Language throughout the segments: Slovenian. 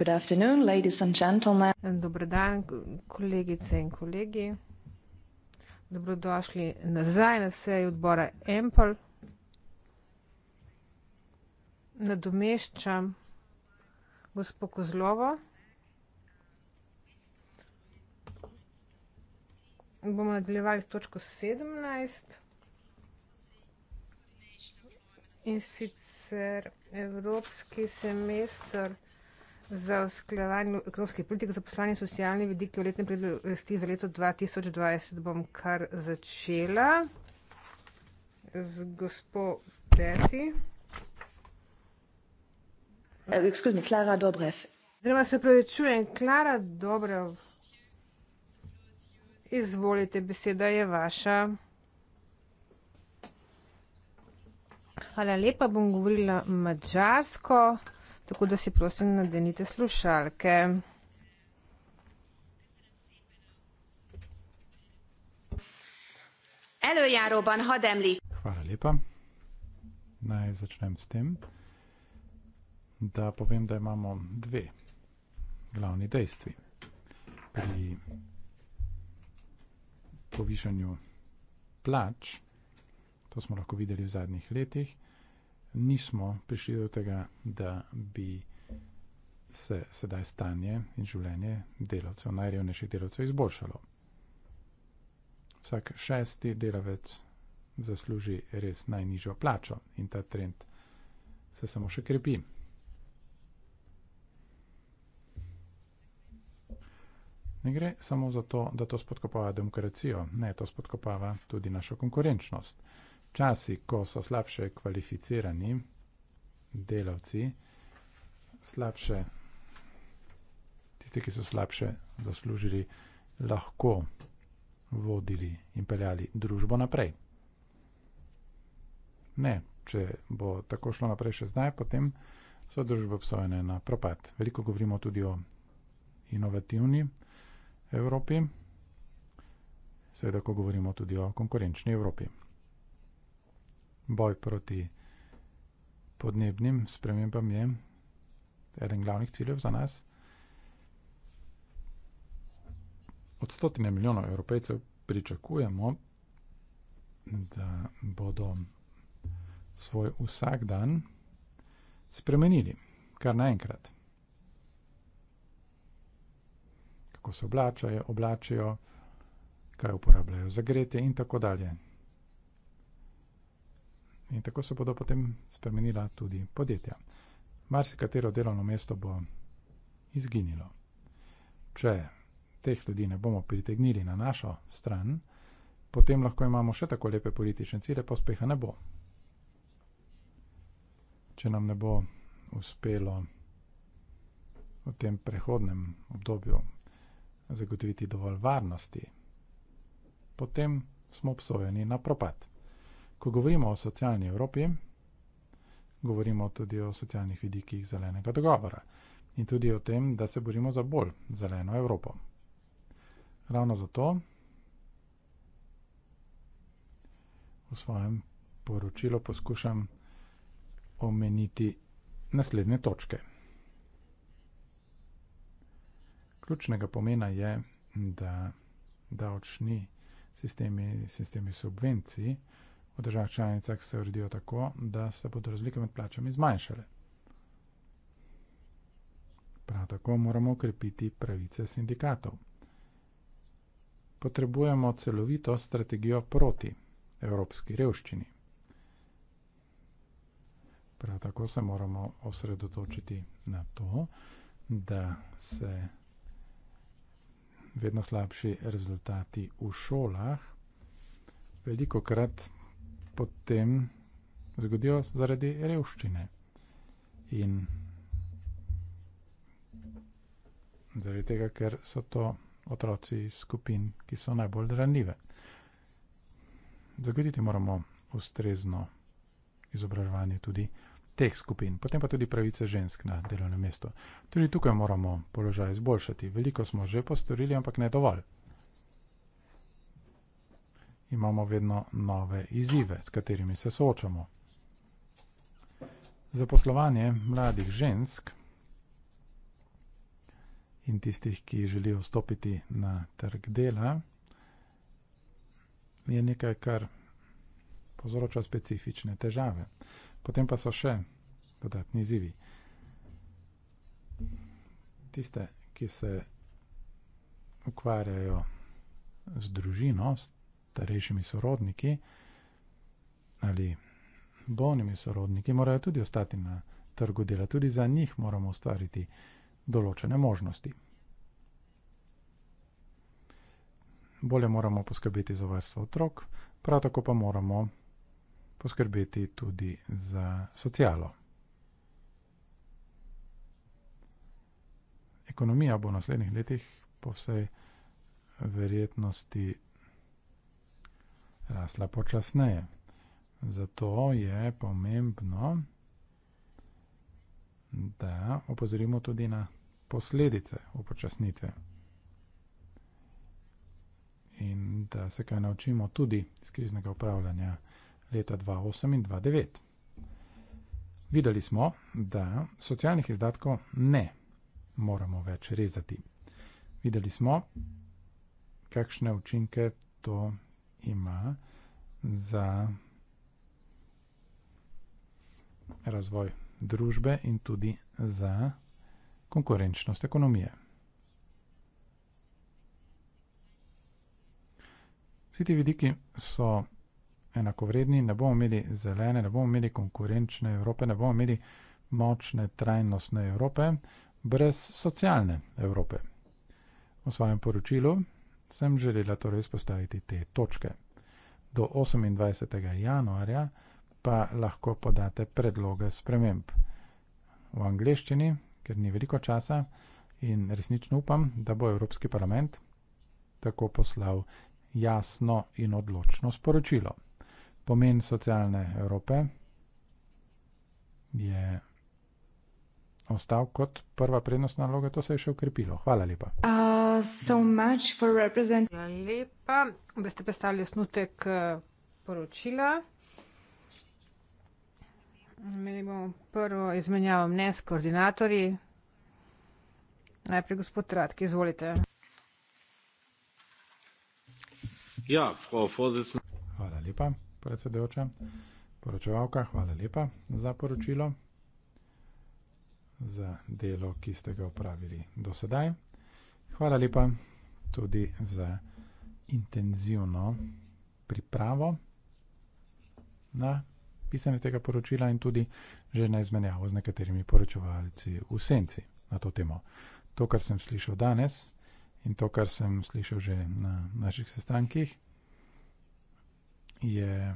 Good afternoon, ladies and gentlemen. Dobro dan, kolegice in kolegi. Dobrodošli nazaj na seji odbora EMPL. Nadomeščam gospo Kozlovo. Bomo nadaljevali s točko sedemnajst, in sicer evropski semester za usklajevanje ekonomskih politik, za poslanje socialnih vidikov v letnem predlogu za leto 2020 bom kar začela z gospod Peti. Eh, excuse me, Klara Dobrev. Zdaj se pravičujem, Klara Dobrev, izvolite, beseda je vaša. Hvala lepa, bom govorila mačarsko. Tako da si prosim nadenite slušalke. Előjáróban hadd említ. Hvala lepa. Naj začnem s tem, da povem, da imamo dve glavni dejstvi pri povišanju plač. To smo lahko videli v zadnjih letih nismo prišli do tega, da bi se sedaj stanje in življenje delavcev, najrevnejših delavcev, izboljšalo. Vsak šesti delavec zasluži res najnižjo plačo in ta trend se samo še krepi. Ne gre samo za to, da to spodkopava demokracijo, ne, to spodkopava tudi našo konkurenčnost časi, ko so slabše kvalificirani delavci, slabše, tisti, ki so slabše zaslužili, lahko vodili in peljali družbo naprej. Ne, če bo tako šlo naprej še zdaj, potem so družbe obsojene na propad. Veliko govorimo tudi o inovativni Evropi, seveda, ko govorimo tudi o konkurenčni Evropi boj proti podnebnim spremembam je eden glavnih ciljev za nas. Od stotine milijonov evropejcev pričakujemo, da bodo svoj vsak dan spremenili, kar naenkrat. Kako se oblačajo, oblačijo, kaj uporabljajo za grete in tako dalje. In tako se bodo potem spremenila tudi podjetja. Marsikatero delovno mesto bo izginilo. Če teh ljudi ne bomo pritegnili na našo stran, potem lahko imamo še tako lepe politične cilje, pa uspeha ne bo. Če nam ne bo uspelo v tem prehodnem obdobju zagotoviti dovolj varnosti, potem smo obsojeni na propad. Ko govorimo o socialni Evropi, govorimo tudi o socialnih vidikih zelenega dogovora in tudi o tem, da se borimo za bolj zeleno Evropo. Ravno zato v svojem poročilu poskušam omeniti naslednje točke. Ključnega pomena je, da davčni sistemi, sistemi subvencij, v državah članicah se uredijo tako, da se bodo razlike med plačami zmanjšale. Prav tako moramo ukrepiti pravice sindikatov. Potrebujemo celovito strategijo proti evropski revščini. Prav tako se moramo osredotočiti na to, da se vedno slabši rezultati v šolah veliko krat potem zgodijo zaradi revščine. In zaradi tega, ker so to otroci iz skupin, ki so najbolj ranljive. Zagoditi moramo ustrezno izobraževanje tudi teh skupin, potem pa tudi pravice žensk na delovnem mestu. Tudi tukaj moramo položaj izboljšati. Veliko smo že postorili, ampak ne dovolj imamo vedno nove izzive, s katerimi se soočamo. Zaposlovanje mladih žensk in tistih, ki želijo vstopiti na trg dela, je nekaj, kar povzroča specifične težave. Potem pa so še dodatni izzivi. Tiste, ki se ukvarjajo z družino, s starejšimi sorodniki ali bolnimi sorodniki, morajo tudi ostati na trgu dela. Tudi za njih moramo ustvariti določene možnosti. Bolje moramo poskrbeti za varstvo otrok, prav tako pa moramo poskrbeti tudi za socialo. Ekonomija bo v naslednjih letih po vsej verjetnosti rasla počasneje. Zato je pomembno, da opozorimo tudi na posledice upočasnitve in da se kaj naučimo tudi iz kriznega upravljanja leta 2008 in 2009. Videli smo, da socialnih izdatkov ne moramo več rezati. Videli smo, kakšne učinke to ima ima za razvoj družbe in tudi za konkurenčnost ekonomije. Vsi ti vidiki so enakovredni, ne bomo imeli zelene, ne bomo imeli konkurenčne Evrope, ne bomo imeli močne, trajnostne Evrope brez socialne Evrope. V svojem poročilu sem želela torej izpostaviti te točke. Do 28. januarja pa lahko podate predloge sprememb. V angleščini, ker ni veliko časa in resnično upam, da bo Evropski parlament tako poslal jasno in odločno sporočilo. Pomen socialne Evrope je ostal kot prva prednost naloge, to se je še ukrepilo. Hvala lepa. Uh, so Hvala ja, lepa, da ste predstavili osnutek uh, poročila. Imeli bomo prvo izmenjavo mne s koordinatorji. Najprej gospod Tratk, izvolite. Ja, hvala lepa, predsedujoča. Poročevalka, hvala lepa za poročilo za delo, ki ste ga upravili do sedaj. Hvala lepa tudi za intenzivno pripravo na pisanje tega poročila in tudi že na izmenjavo z nekaterimi poročevalci v senci na to temo. To, kar sem slišal danes in to, kar sem slišal že na naših sestankih, je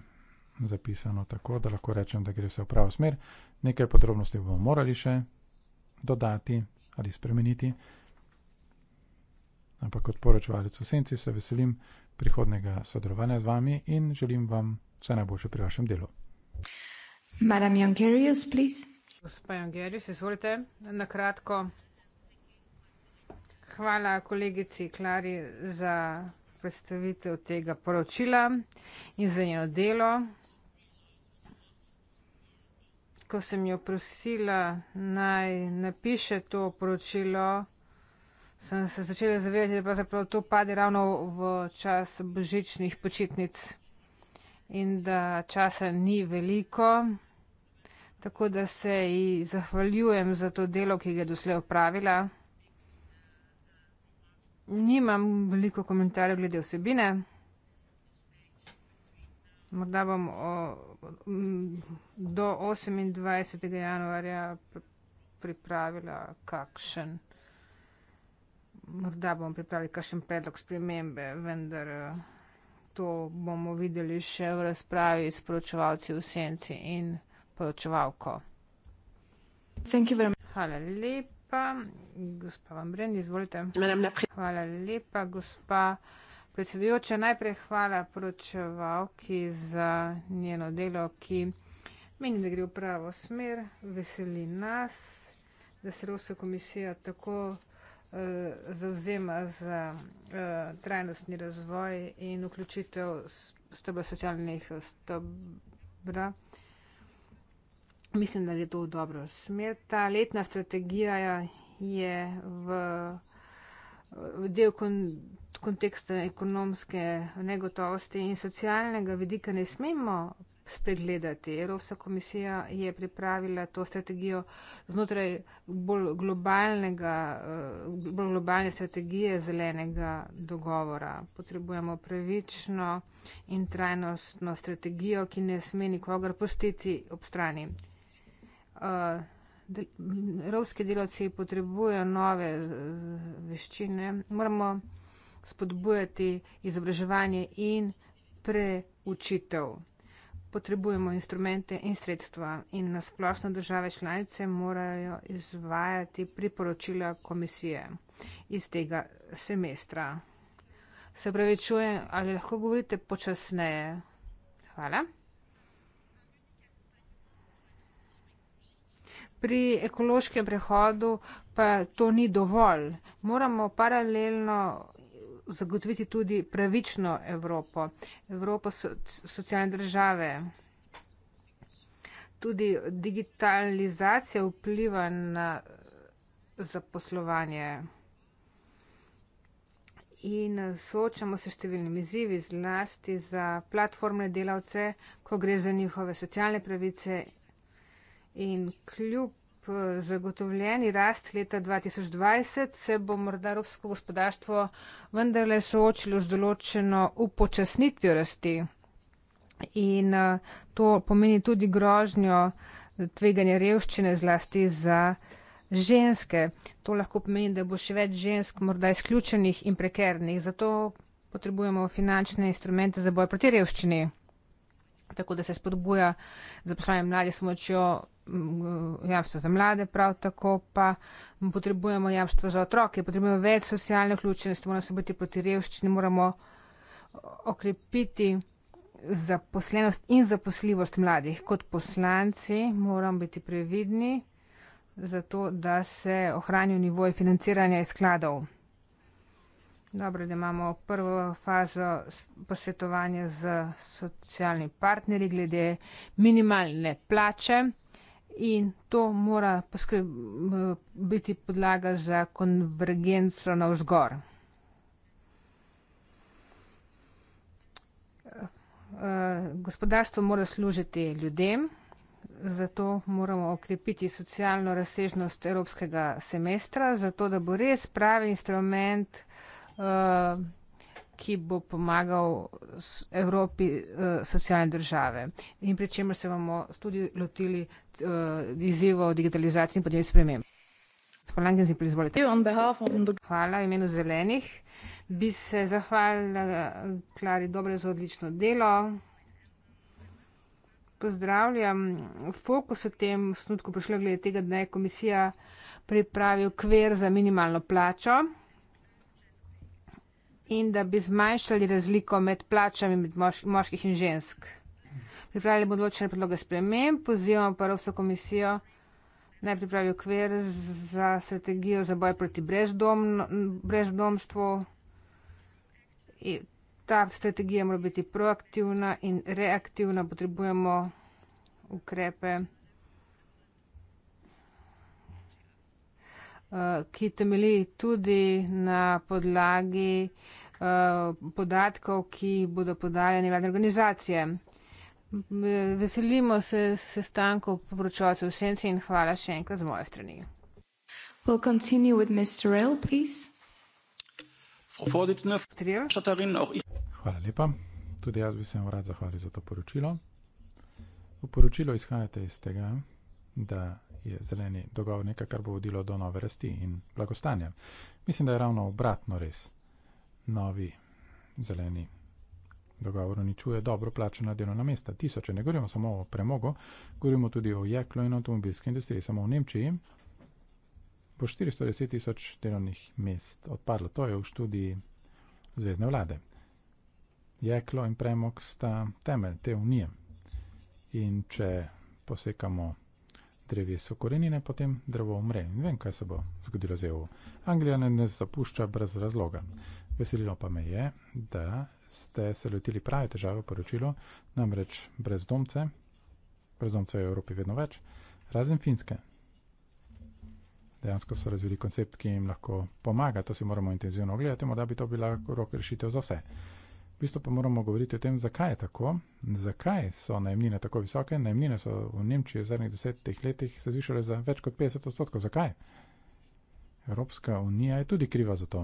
zapisano tako, da lahko rečem, da gre vse v pravo smer. Nekaj podrobnosti bomo morali še dodati ali spremeniti. Ampak kot poročevalec v senci se veselim prihodnega sodelovanja z vami in želim vam vse najboljše pri vašem delu. Madam Jankerius, please. Gospa Jankerius, izvolite na kratko. Hvala kolegici Klari za predstavitev tega poročila in za njeno delo ko sem jo prosila naj napiše to poročilo, sem se začela zavedati, da pravzaprav to pade ravno v čas božičnih počitnic in da časa ni veliko. Tako da se ji zahvaljujem za to delo, ki ga je doslej opravila. Nimam veliko komentarjev glede vsebine. Morda bom o, m, do 28. januarja pripravila kakšen. Morda bom pripravila kakšen predlog spremembe, vendar to bomo videli še v razpravi s poročevalci v senci in poročevalko. Hvala lepa, gospa Vambren, izvolite. Hvala lepa, gospa. Predsedujoča, najprej hvala poročevalki za njeno delo, ki meni, da gre v pravo smer, veseli nas, da se Evropska komisija tako uh, eh, zauzema za uh, trajnostni razvoj in vključitev stebra socialnih stebra. Mislim, da je to v dobro smer. Ta letna strategija je v del kon, konteksta ekonomske negotovosti in socialnega vidika ne smemo spregledati. Evropska komisija je pripravila to strategijo znotraj bolj, eh, bolj globalne strategije zelenega dogovora. Potrebujemo pravično in trajnostno strategijo, ki ne sme nikogar postiti ob strani. Uh, Romski delavci potrebujejo nove eh, veščine. Moramo spodbujati izobraževanje in preučitev. Potrebujemo instrumente in sredstva in nasplošno države članice morajo izvajati priporočila komisije iz tega semestra. Se pravi, čujem, ali lahko govorite počasneje? Hvala. pri ekološkem prehodu pa to ni dovolj. Moramo paralelno zagotoviti tudi pravično Evropo, Evropo so, socialne države. Tudi digitalizacija vpliva na zaposlovanje. In soočamo se številnimi izzivi, zlasti za platformne delavce, ko gre za njihove socialne pravice in kljub eh, zagotovljeni rast leta 2020 se bo morda evropsko gospodarstvo vendarle soočilo z določeno upočasnitvijo rasti. In eh, to pomeni tudi grožnjo eh, tveganja revščine zlasti za ženske. To lahko pomeni, da bo še več žensk morda izključenih in prekernih. Zato potrebujemo finančne instrumente za boj proti revščini. Tako da se spodbuja zaposlovanje mladih s pomočjo Mm, javstvo za mlade, prav tako pa potrebujemo javstvo za otroke, potrebujemo več socialne vključenosti, moramo se biti proti revščini, moramo okrepiti zaposlenost in zaposljivost mladih. Kot poslanci moramo biti previdni zato, da se ohranijo nivoje financiranja iz skladov. Dobro, da imamo prvo fazo posvetovanja z socialnimi partnerji glede minimalne plače in to mora eh, biti podlaga za konvergenco navzgor. Eh, gospodarstvo mora služiti ljudem, zato moramo okrepiti socialno razsežnost evropskega semestra, zato da bo res pravi instrument. Uh, ki bo pomagal Evropi uh, socialne države. In pri čemer se bomo tudi lotili uh, izzivov digitalizacije in podnebnih sprememb. Hvala v imenu zelenih. Bi se zahvalila eh, Klari Dobre za odlično delo. Pozdravljam. Fokus v tem snutku prišlo glede tega, da je komisija pripravil kver za minimalno plačo in da bi zmanjšali razliko med plačami med moš, moških in žensk. Pripravili bomo določene predloge sprememb, pozivamo pa Evropsko komisijo, naj pripravi okvir za strategijo za boj proti brezdom, brezdomstvu. In ta strategija mora biti proaktivna in reaktivna, potrebujemo ukrepe. Eh, ki temeli tudi na podlagi eh, podatkov, ki bodo podali nevladne organizacije. Veselimo se sestanku poročovcev v senci in hvala še enkrat z moje strani. We'll continue with Ms. Sorrell, please. Frau Vorsitzende, Frau Schatterin, auch ich. Hvala lepa. Tudi jaz bi se vam rad zahvalil za to poročilo. V poročilo izhajate iz tega, da je zeleni dogovor nekaj, kar bo vodilo do nove rasti in blagostanja. Mislim, da je ravno obratno res. Novi zeleni dogovor uničuje dobro plačena delovna mesta. Tisoče, ne govorimo samo o premogu, govorimo tudi o jeklu in avtomobilski industriji. Samo v Nemčiji bo 410 tisoč delovnih mest odpadlo. To je v študiji Zvezdne vlade. Jeklo in premog sta temelj te unije. In če posekamo drevesu korenine, potem drevo umre. In vem, kaj se bo zgodilo z EU. Anglija ne, ne zapušča brez razloga. Veselilo pa me je, da ste se lotili prave težave v poročilu, namreč brezdomce, brezdomce je v Evropi vedno več, razen finske. Dejansko so razvili koncept, ki jim lahko pomaga, to si moramo intenzivno ogledati, morda bi to bila rok rešitev za vse bistvu pa moramo govoriti o tem, zakaj je tako, zakaj so najemnine tako visoke. Najemnine so v Nemčiji v zadnjih desetih letih se zvišale za več kot 50 odstotkov. Zakaj? Evropska unija je tudi kriva za to.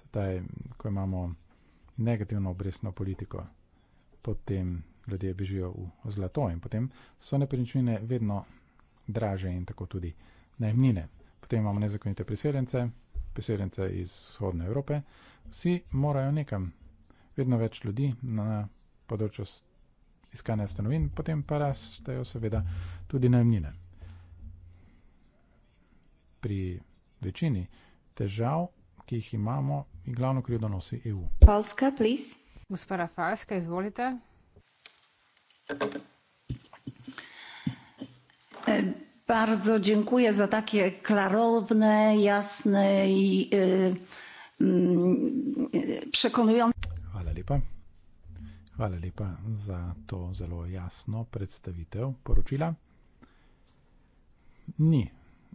Sedaj, ko imamo negativno obrestno politiko, potem ljudje bežijo v zlato in potem so nepremičnine vedno draže in tako tudi najemnine. Potem imamo nezakonite priseljence, priseljence iz vzhodne Evrope vsi morajo nekam. Vedno več ljudi na področju iskanja stanovin, potem pa rastejo seveda tudi najemnine. Pri večini težav, ki jih imamo, in glavno krivdo nosi EU. Polska, please. Gospa Rafalska, izvolite. E, bardzo dziękuję za takie klarowne, jasne i y, e, Mm, Prekonujoče. Hvala lepa. Hvala lepa za to zelo jasno predstavitev poročila. Ni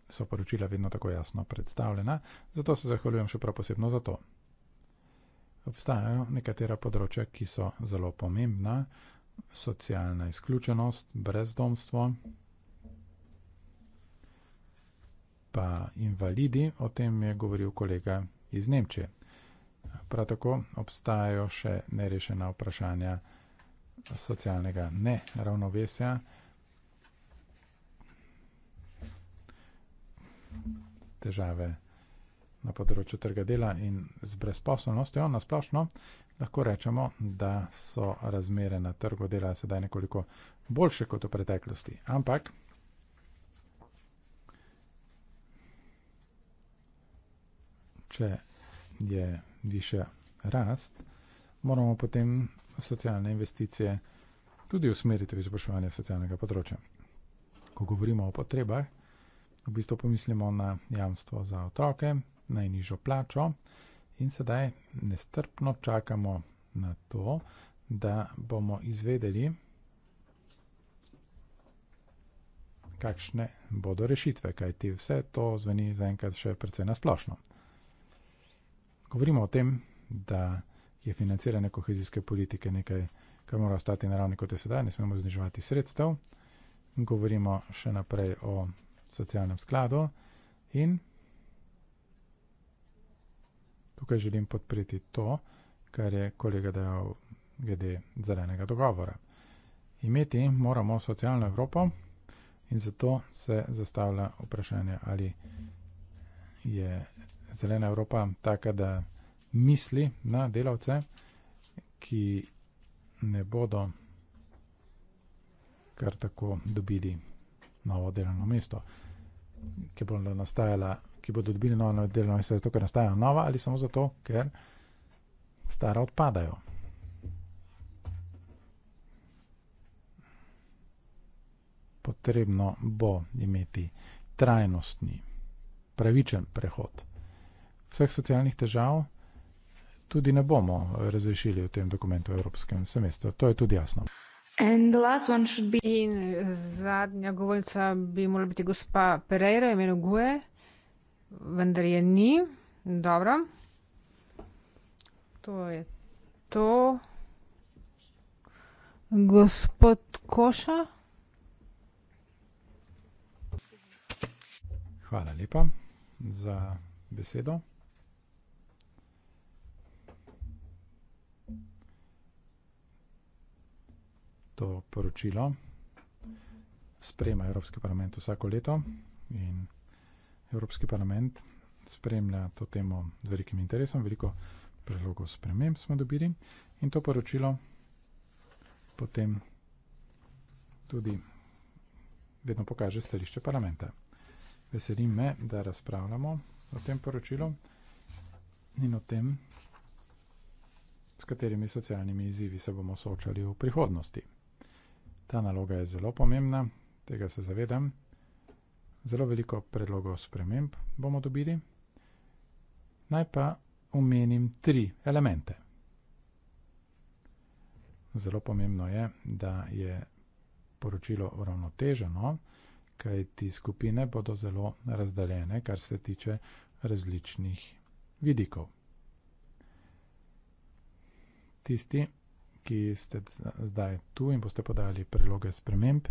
so poročila vedno tako jasno predstavljena, zato se zahvaljujem še prav posebno za to. Obstajajo nekatera področja, ki so zelo pomembna, socialna izključenost, brezdomstvo, pa invalidi, o tem je govoril kolega iz Nemčije. Prav tako obstajajo še nerešena vprašanja socialnega neravnovesja. Težave na področju trga dela in z brezposobnostjo na splošno, lahko rečemo, da so razmere na trgu dela sedaj nekoliko boljše kot v preteklosti. Ampak če je više rast, moramo potem socialne investicije tudi usmeriti v izboljševanje socialnega področja. Ko govorimo o potrebah, v bistvu pomislimo na jamstvo za otroke, najnižjo plačo in sedaj nestrpno čakamo na to, da bomo izvedeli, kakšne bodo rešitve, kajti vse to zveni zaenkrat še precej nasplošno. Govorimo o tem, da je financiranje kohezijske politike nekaj, kar mora ostati na ravni kot je sedaj, ne smemo zniževati sredstev. Govorimo še naprej o socialnem skladu in tukaj želim podpreti to, kar je kolega dejal glede zelenega dogovora. Imeti moramo socialno Evropo in zato se zastavlja vprašanje, ali je zelena Evropa taka, da misli na delavce, ki ne bodo kar tako dobili novo delovno mesto, ki, ki bodo dobili novo delovno mesto zato, ker nastajajo nova ali samo zato, ker stara odpadajo. Potrebno bo imeti trajnostni, pravičen prehod vseh socialnih težav tudi ne bomo razrešili v tem dokumentu Evropskem semestru. To je tudi jasno. Be... In zadnja govorica bi morala biti gospa Pereira, imenu Gue, vendar je ni. Dobro. To je to. Gospod Koša. Hvala lepa za besedo. to poročilo. Sprema Evropski parlament vsako leto in Evropski parlament spremlja to temo z velikim interesom, veliko predlogov sprememb smo dobili in to poročilo potem tudi vedno pokaže stališče parlamenta. Veselim me, da razpravljamo o tem poročilu in o tem, s katerimi socialnimi izzivi se bomo soočali v prihodnosti. Ta naloga je zelo pomembna, tega se zavedam. Zelo veliko predlogov sprememb bomo dobili. Naj pa omenim tri elemente. Zelo pomembno je, da je poročilo uravnoteženo, kaj ti skupine bodo zelo razdaljene, kar se tiče različnih vidikov. Tisti, ki ste zdaj tu in boste podali predloge sprememb,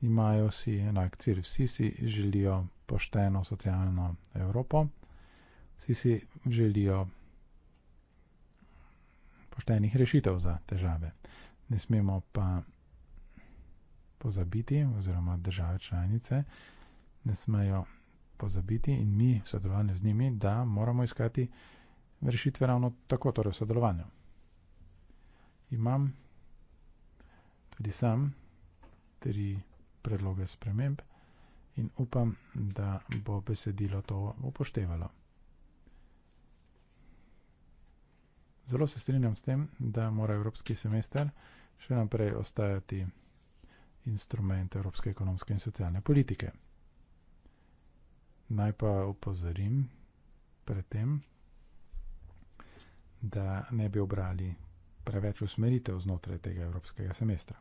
imajo si enak cilj. Vsi si želijo pošteno socialno Evropo, vsi si želijo poštenih rešitev za težave. Ne smemo pa pozabiti, oziroma države članice ne smejo pozabiti in mi v sodelovanju z njimi, da moramo iskati rešitve ravno tako, torej v sodelovanju imam tudi sam tri predloge sprememb in upam, da bo besedilo to upoštevalo. Zelo se strinjam s tem, da mora evropski semester še naprej ostajati instrument evropske ekonomske in socialne politike. Naj pa upozorim predtem, da ne bi obrali preveč usmeritev znotraj tega evropskega semestra.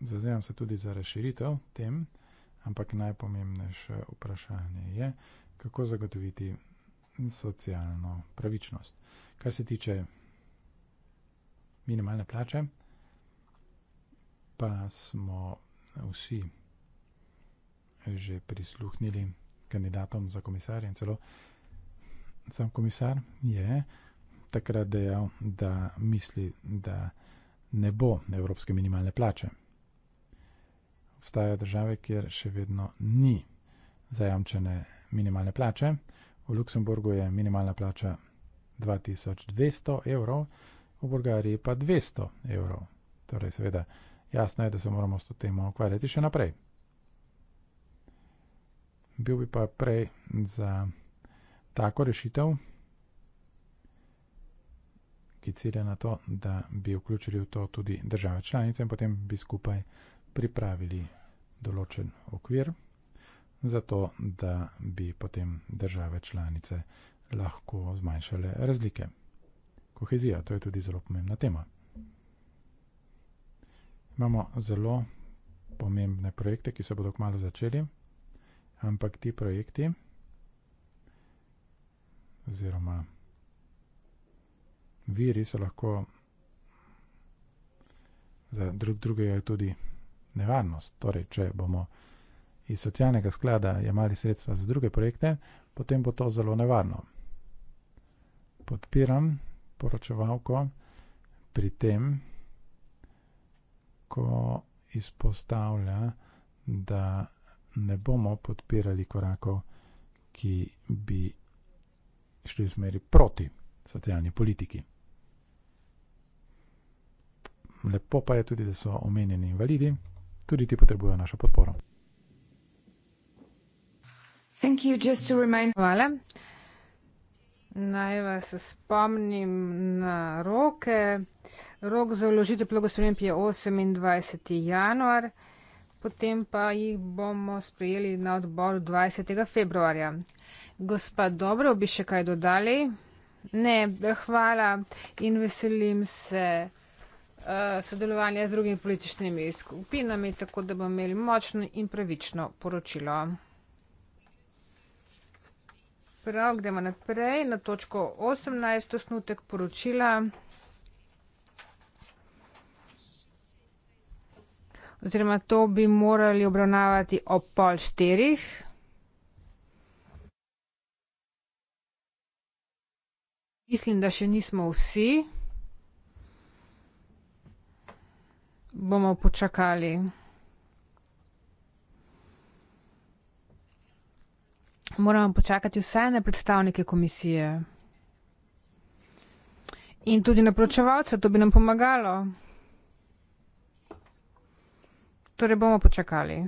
Zazemam se tudi za razširitev tem, ampak najpomembnejše vprašanje je, kako zagotoviti socialno pravičnost. Kar se tiče minimalne plače, pa smo vsi že prisluhnili kandidatom za komisarje in celo sam komisar je takrat dejal, da misli, da ne bo evropske minimalne plače. Obstajajo države, kjer še vedno ni zajamčene minimalne plače. V Luksemburgu je minimalna plača 2200 evrov, v Bolgariji pa 200 evrov. Torej, seveda, jasno je, da se moramo s to temo ukvarjati še naprej. Bil bi pa prej za tako rešitev, ki cilja na to, da bi vključili v to tudi države članice in potem bi skupaj pripravili določen okvir, zato da bi potem države članice lahko zmanjšale razlike. Kohezija, to je tudi zelo pomembna tema. Imamo zelo pomembne projekte, ki se bodo kmalo začeli, ampak ti projekti oziroma viri so lahko za drug drugega tudi nevarnost. Torej, če bomo iz socialnega sklada jemali sredstva za druge projekte, potem bo to zelo nevarno. Podpiram poročevalko pri tem, da je to nevarno nekako izpostavlja, da ne bomo podpirali korakov, ki bi šli v smeri proti socialni politiki. Lepo pa je tudi, da so omenjeni invalidi, tudi ti potrebujejo našo podporo. Hvala. Naj vas spomnim na roke. Rok za vložitev blagoslovljenja je 28. januar, potem pa jih bomo sprejeli na odboru 20. februarja. Gospa, dobro, bi še kaj dodali? Ne, hvala in veselim se uh, sodelovanja z drugimi političnimi skupinami, tako da bomo imeli močno in pravično poročilo. Prav, gremo naprej na točko 18, osnutek poročila. Oziroma, to bi morali obravnavati ob pol štirih. Mislim, da še nismo vsi. Bomo počakali. moramo počakati vse na predstavnike komisije in tudi na poročevalce, to bi nam pomagalo. Torej bomo počakali.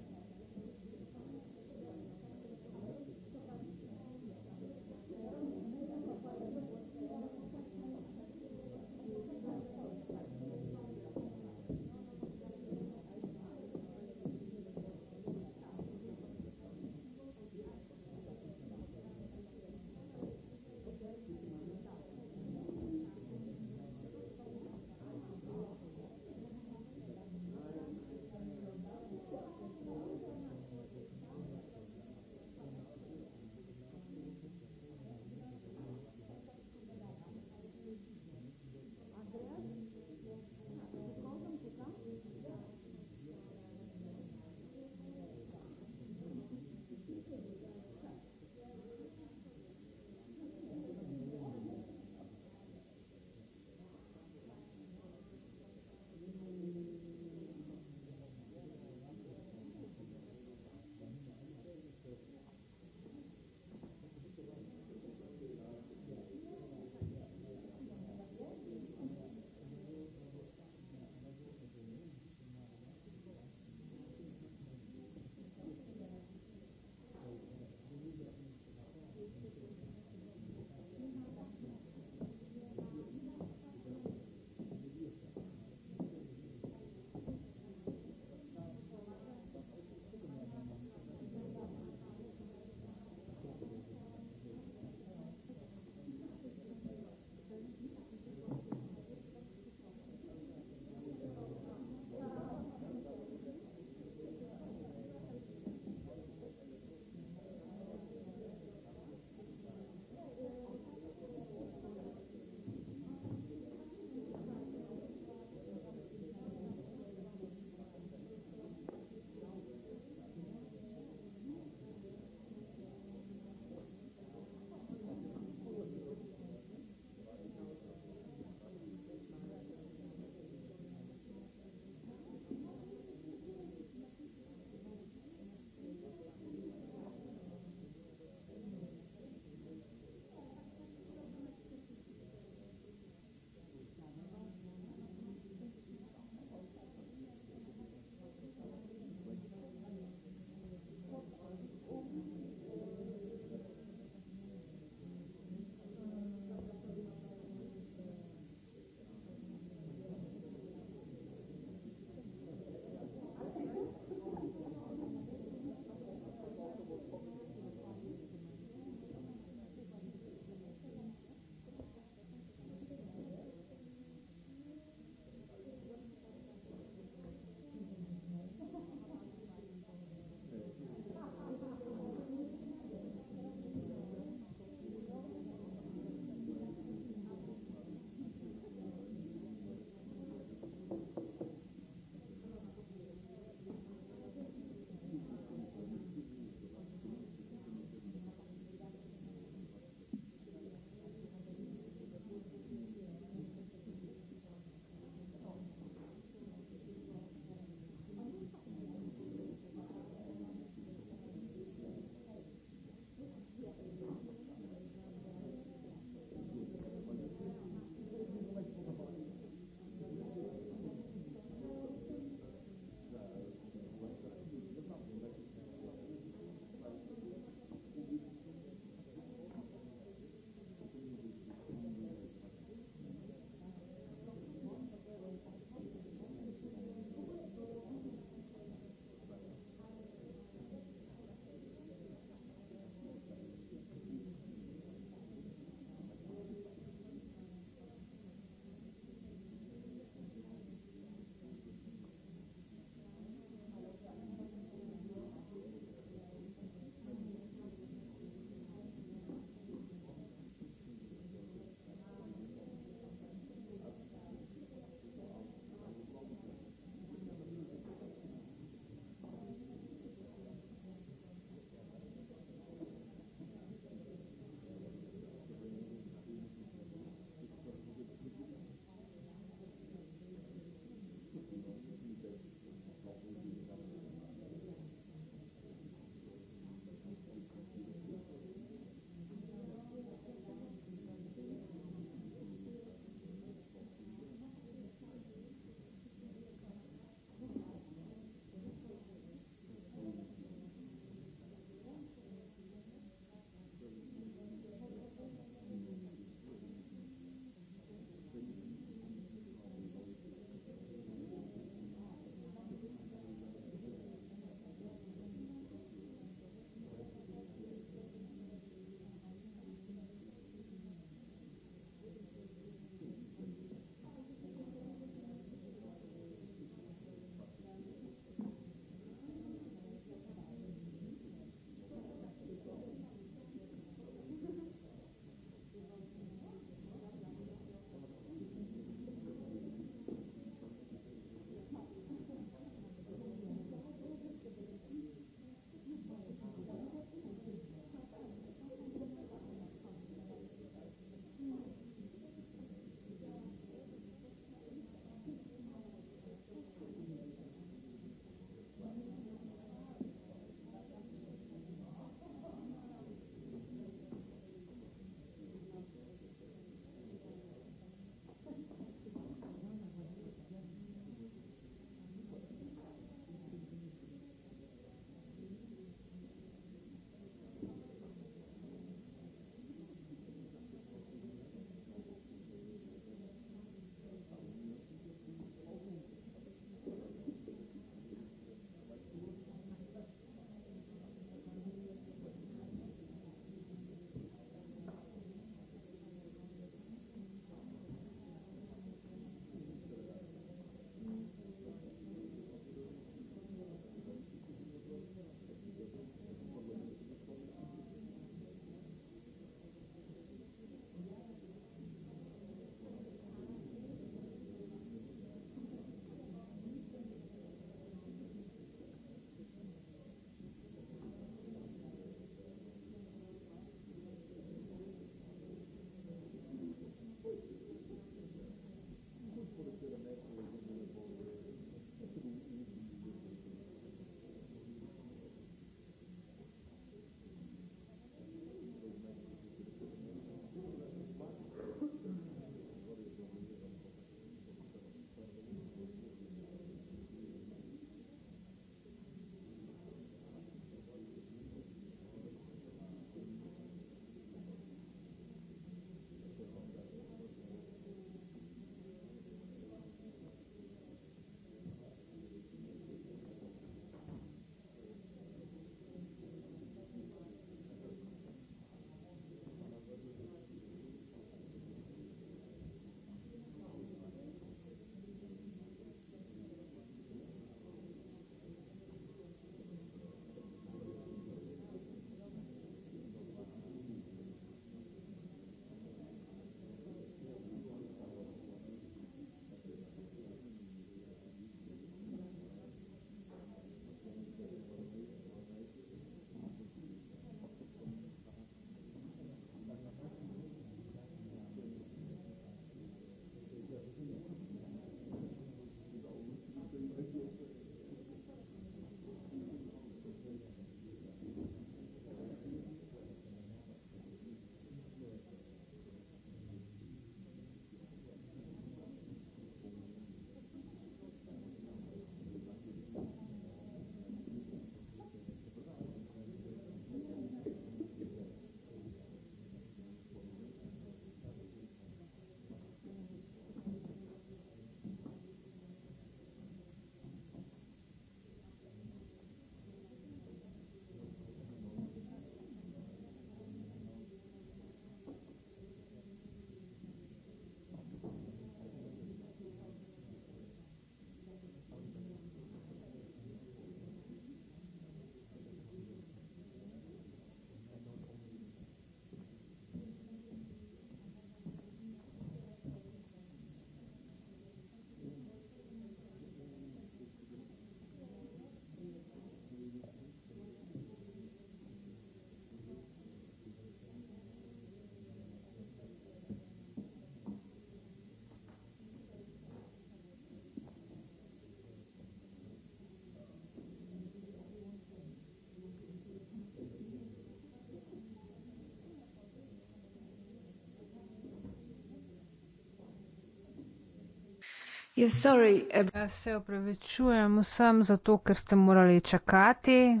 Ja, eh, ja, se opravičujem vsem zato, ker ste morali čakati.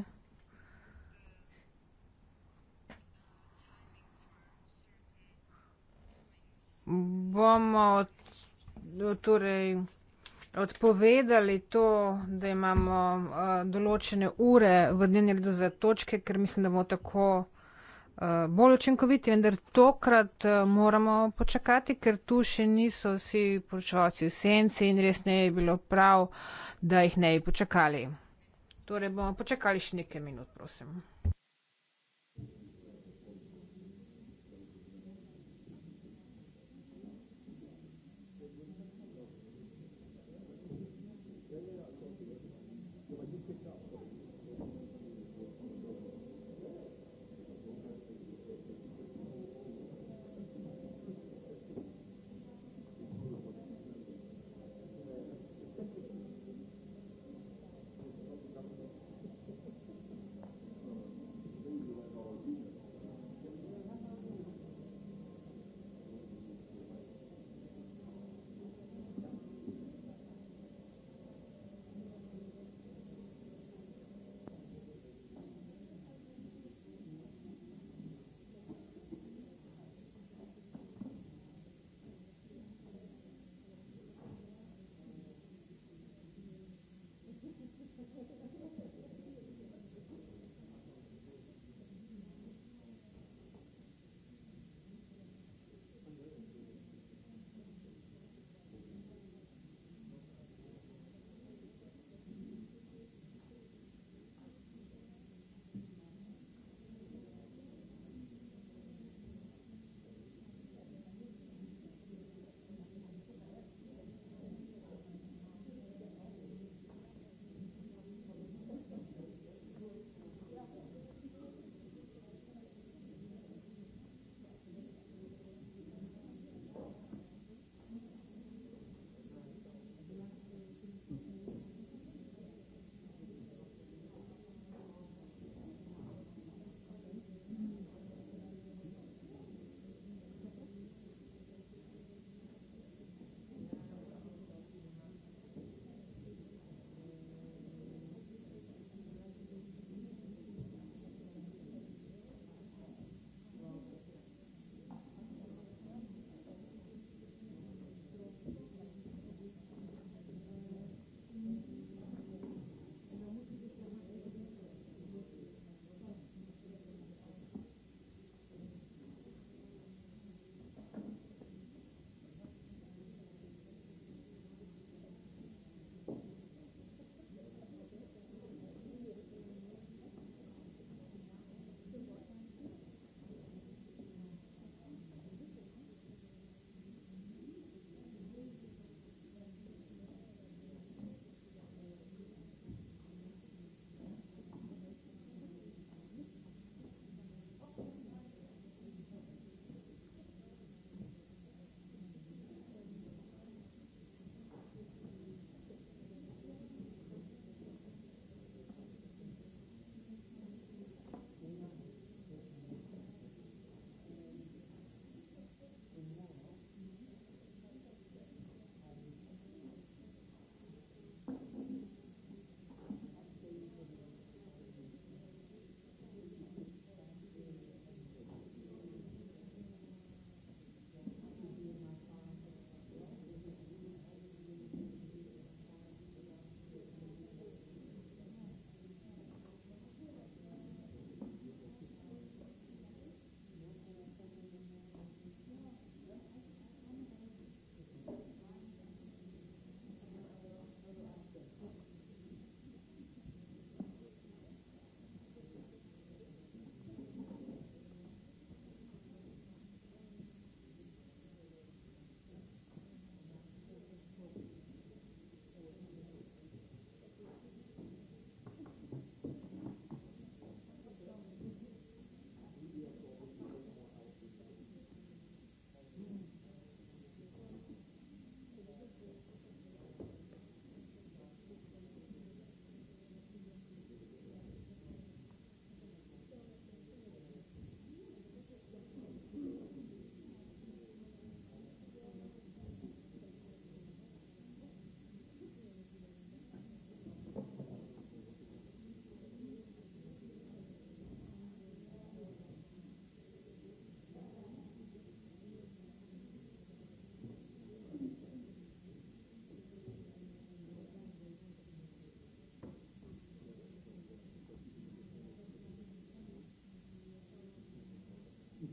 Bomo torej odpovedali to, da imamo uh, določene ure v dnevni redu za točke, ker mislim, da bomo tako. Eh, bolj učinkoviti, vendar tokrat eh, moramo počakati, ker tu še niso vsi poročevalci v senci in res ne je bilo prav, da jih ne bi počakali. Torej bomo počakali še nekaj minut, prosim.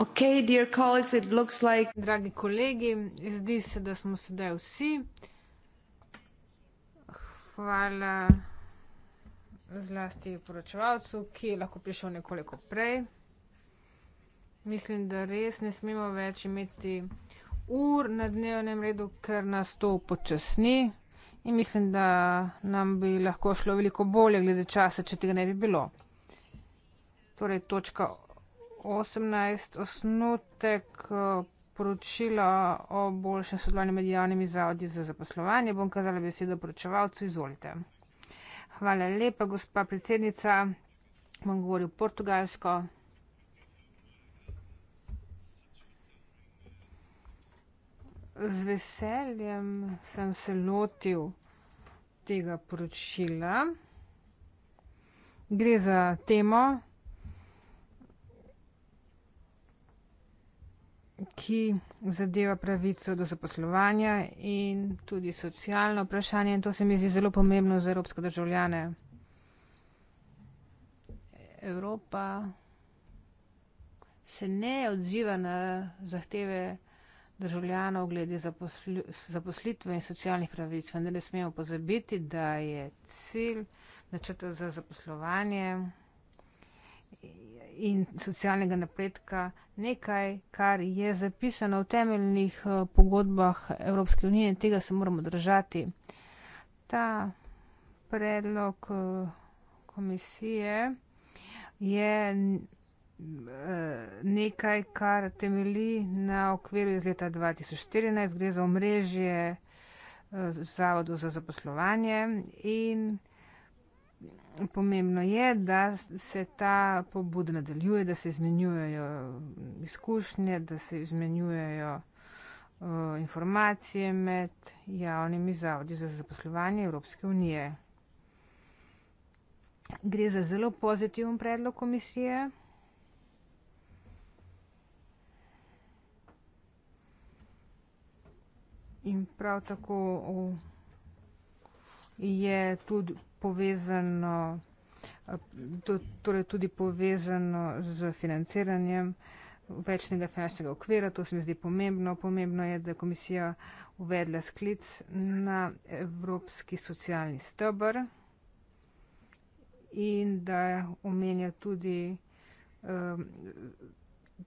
Okay, dear colleagues, it looks like... Dragi kolegi, zdi se, da smo sedaj vsi. Hvala zlasti poročevalcu, ki je lahko prišel nekoliko prej. Mislim, da res ne smemo več imeti ur na dnevnem redu, ker nas to upočasni. In mislim, da nam bi lahko šlo veliko bolje glede časa, če tega ne bi bilo. Torej, točka 18 osnutek eh, poročila o boljšem sodelovanju med javnimi zavodi za zaposlovanje. Bom kazala besedo poročevalcu, izvolite. Hvala lepa, gospa predsednica. Bom govoril portugalsko. Z veseljem sem se lotil tega poročila. Gre za temo, ki zadeva pravico do zaposlovanja in tudi socialno vprašanje in to se mi zdi zelo pomembno za evropske državljane. Evropa se ne odziva na zahteve državljanov glede zaposli, zaposlitve in socialnih pravic, vendar ne smemo pozabiti, da je cilj načrta za zaposlovanje in socialnega napredka nekaj, kar je zapisano v temeljnih eh, pogodbah Evropske unije in tega se moramo držati. Ta predlog eh, komisije je eh, nekaj, kar temelji na okviru iz leta 2014, gre za omrežje Zavodu za zaposlovanje in pomembno je, da se ta pobuda nadaljuje, da se izmenjujejo izkušnje, da se izmenjujejo uh, informacije med javnimi zavodi za zaposlovanje Evropske unije. Gre za zelo pozitiven predlog komisije. In prav tako je tudi povezano, to, torej tudi povezano z financiranjem večnega finančnega okvira. To se mi zdi pomembno. Pomembno je, da je komisija uvedla sklic na Evropski socialni stebr in da omenja tudi um,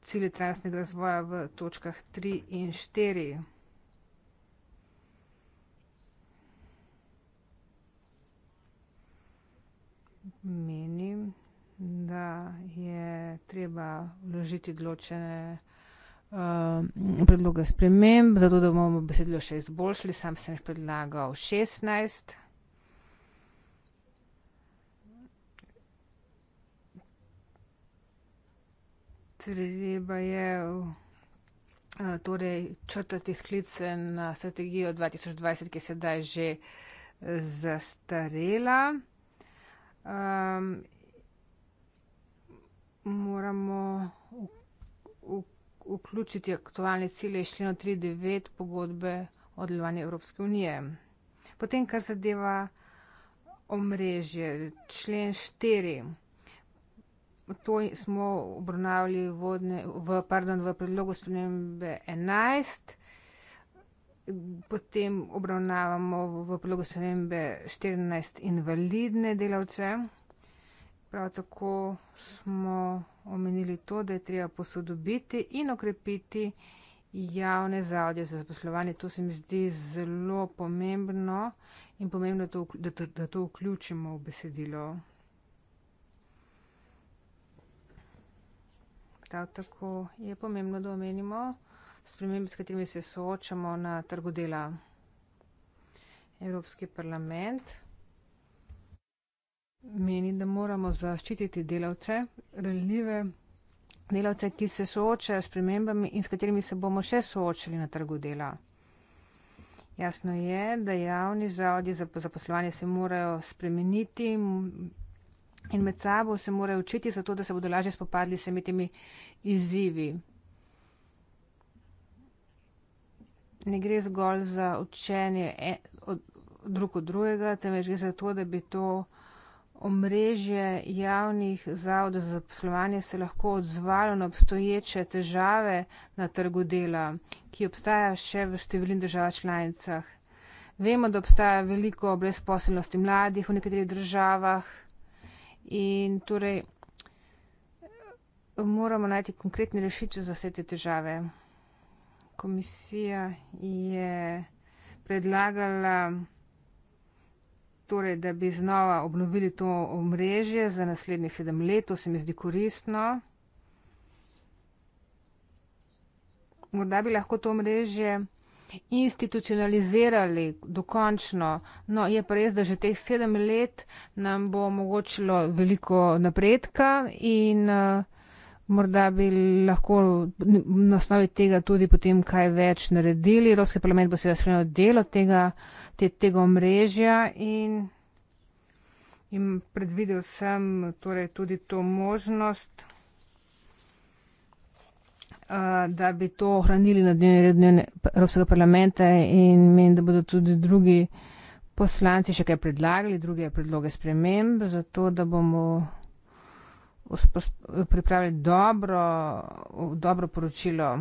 cilje trajnostnega razvoja v točkah 3 in 4. menim, da je treba vložiti določene uh, predloge sprememb, zato da bomo besedilo še izboljšali. Sam sem jih predlagal 16. Treba je eh, torej, črtati sklice na strategijo 2020, ki je sedaj že eh, zastarela um, moramo vključiti aktualne cilje iz šlino 3.9 pogodbe o delovanju Evropske unije. Potem, kar zadeva omrežje, člen 4. To smo obravnavali v, v predlogu spremembe 11. Potem obravnavamo v blagoslovenbe 14 invalidne delavce. Prav tako smo omenili to, da je treba posodobiti in okrepiti javne zavode za zaposlovanje. To se mi zdi zelo pomembno in pomembno, da to vključimo v besedilo. Prav tako je pomembno, da omenimo spremembe, s katerimi se soočamo na trgu dela. Evropski parlament meni, da moramo zaščititi delavce, reljive delavce, ki se soočajo s premembami in s katerimi se bomo še soočili na trgu dela. Jasno je, da javni zavodi za zaposlovanje se morajo spremeniti in med sabo se morajo učiti, zato da se bodo lažje spopadli s temi izzivi. ne gre zgolj za učenje e, drug od drugega, temveč gre za to, da bi to omrežje javnih zavodov za zaposlovanje se lahko odzvalo na obstoječe težave na trgu dela, ki obstaja še v številnih državah članicah. Vemo, da obstaja veliko brezposelnosti mladih v nekaterih državah in torej moramo najti konkretne rešitve za vse te težave komisija je predlagala, torej, da bi znova obnovili to omrežje za naslednjih sedem let. To se mi zdi koristno. Morda bi lahko to omrežje institucionalizirali dokončno. No, je pa res, da že teh sedem let nam bo omogočilo veliko napredka in uh, morda bi lahko na osnovi tega tudi potem kaj več naredili. Evropski parlament bo seveda spremljal delo tega, te, tega omrežja in, in predvidel sem torej tudi to možnost, uh, da bi to ohranili na dnevni red Evropskega parlamenta in menim, da bodo tudi drugi poslanci še kaj predlagali, druge predloge sprememb, zato da bomo pripravili dobro, dobro poročilo.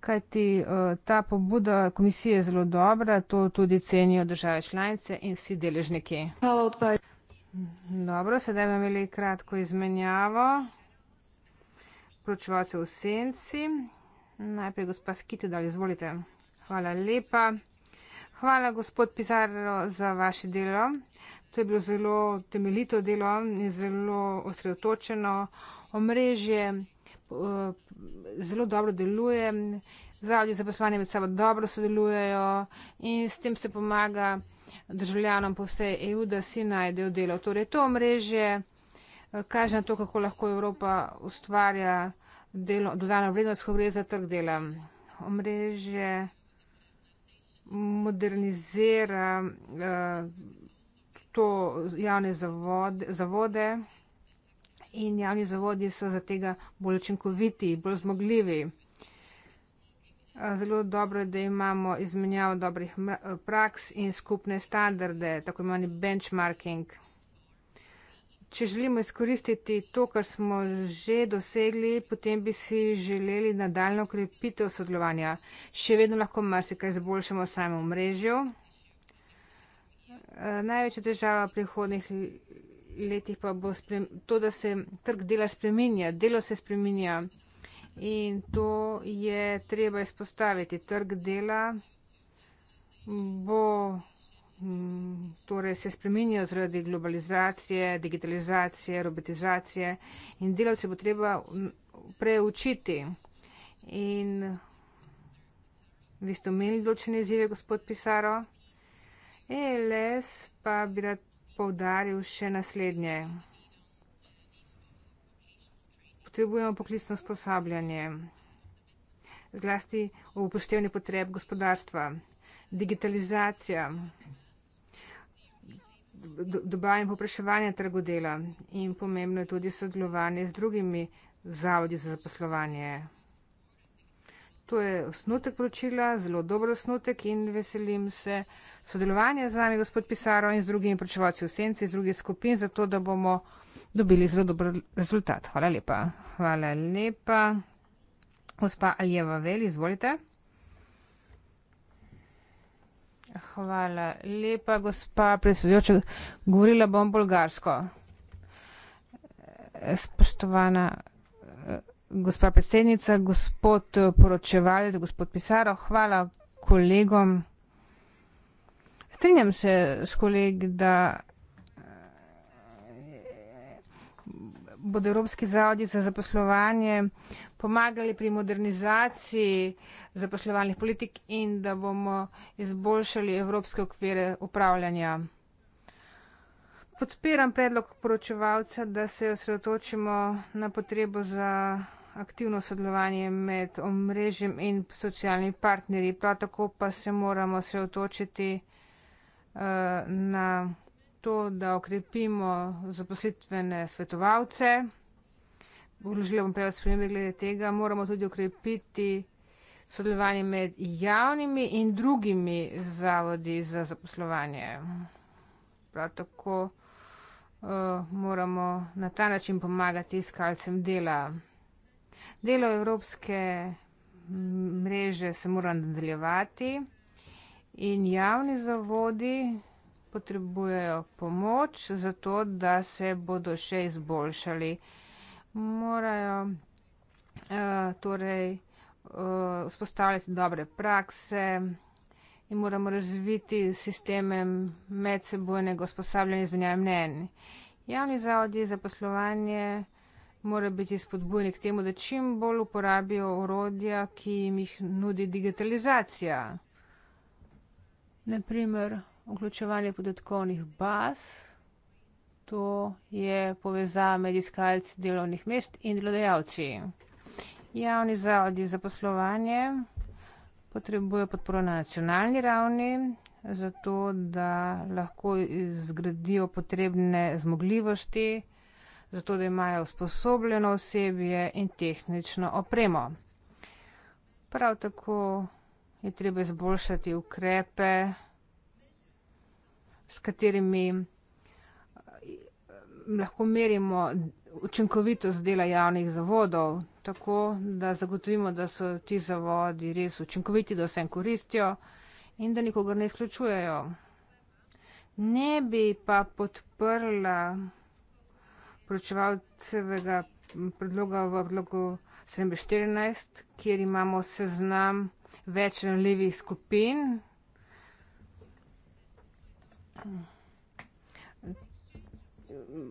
Kajti eh, ta pobuda komisije je zelo dobra, to tudi cenijo države članice in vsi deležniki. Dobro, sedaj bomo imeli kratko izmenjavo. Poročevalce v senci. Najprej gospa Skite, da izvolite. Hvala lepa. Hvala, gospod Pizarro, za vaše delo. To je bilo zelo temeljito delo in zelo osredotočeno. Omrežje eh, zelo dobro deluje, zavodi za poslovanje med sabo dobro sodelujejo in s tem se pomaga državljanom po vsej EU, da si najdejo delo. Torej, to omrežje eh, kaže na to, kako lahko Evropa ustvarja delo, dodano vrednost, ko gre za trg dela. Omrežje modernizira eh, to javne zavode, zavode in javni zavodi so za tega bolj učinkoviti, bolj zmogljivi. Eh, zelo dobro je, da imamo izmenjavo dobrih praks in skupne standarde, tako imenovani benchmarking če želimo izkoristiti to, kar smo že dosegli, potem bi si želeli nadaljno krepitev sodelovanja. Še vedno lahko marsikaj zboljšamo samo v mrežju. Eh, največja težava prihodnih letih pa bo sprem, to, da se trg dela spreminja, delo se spreminja in to je treba izpostaviti. Trg dela bo. Mm, torej se spreminjajo zaradi globalizacije, digitalizacije, robotizacije in delavce bo treba mm, preučiti. In vi ste omenili določene izjive, gospod Pisaro. ELS pa bi rad povdaril še naslednje. Potrebujemo poklicno usposabljanje, zlasti v upoštevanju potreb gospodarstva. Digitalizacija dobavi in popraševanja trgu dela in pomembno je tudi sodelovanje z drugimi zavodi za zaposlovanje. To je osnutek poročila, zelo dober osnutek in veselim se sodelovanja z nami, gospod Pisaro, in z drugimi poročevalci v senci, z drugih skupin, zato da bomo dobili zelo dober rezultat. Hvala lepa. Hvala lepa. Gospa Aljeva Veli, izvolite. Hvala lepa, gospa predsedujoča. Govorila bom bolgarsko. Spoštovana eh, gospa predsednica, gospod eh, poročevalec, gospod Pisaro, hvala kolegom. Strinjam se s kolegi, da eh, bodo Evropski zavodi za zaposlovanje pomagali pri modernizaciji zaposlovalnih politik in da bomo izboljšali evropske okvire upravljanja. Podpiram predlog poročevalca, da se osredotočimo na potrebo za aktivno sodelovanje med omrežjem in socialnimi partnerji. Prav tako pa se moramo osredotočiti uh, na to, da okrepimo zaposlitvene svetovalce vložila bom prejo spremembe glede tega, moramo tudi ukrepiti sodelovanje med javnimi in drugimi zavodi za zaposlovanje. Prav tako uh, moramo na ta način pomagati iskalcem dela. Delo evropske mm, mreže se mora nadaljevati in javni zavodi potrebujejo pomoč za to, da se bodo še izboljšali morajo eh, torej eh, vzpostavljati dobre prakse in moramo razviti sisteme medsebojnega usposabljanja izmenjave mnen. Javni zavodi za poslovanje morajo biti spodbujni k temu, da čim bolj uporabijo orodja, ki jim jih nudi digitalizacija. Naprimer, vključevanje podatkovnih baz to je povezava med iskalci delovnih mest in delodajalci. Javni zavodi za poslovanje potrebujejo podporo na nacionalni ravni, zato da lahko zgradijo potrebne zmogljivosti, zato da imajo usposobljeno osebje in tehnično opremo. Prav tako je treba izboljšati ukrepe, s katerimi lahko merimo učinkovitost dela javnih zavodov, tako da zagotovimo, da so ti zavodi res učinkoviti, da vsem koristijo in da nikogar ne izključujejo. Ne bi pa podprla poročevalcevega predloga v odlogu 714, kjer imamo seznam večnem levih skupin. Hmm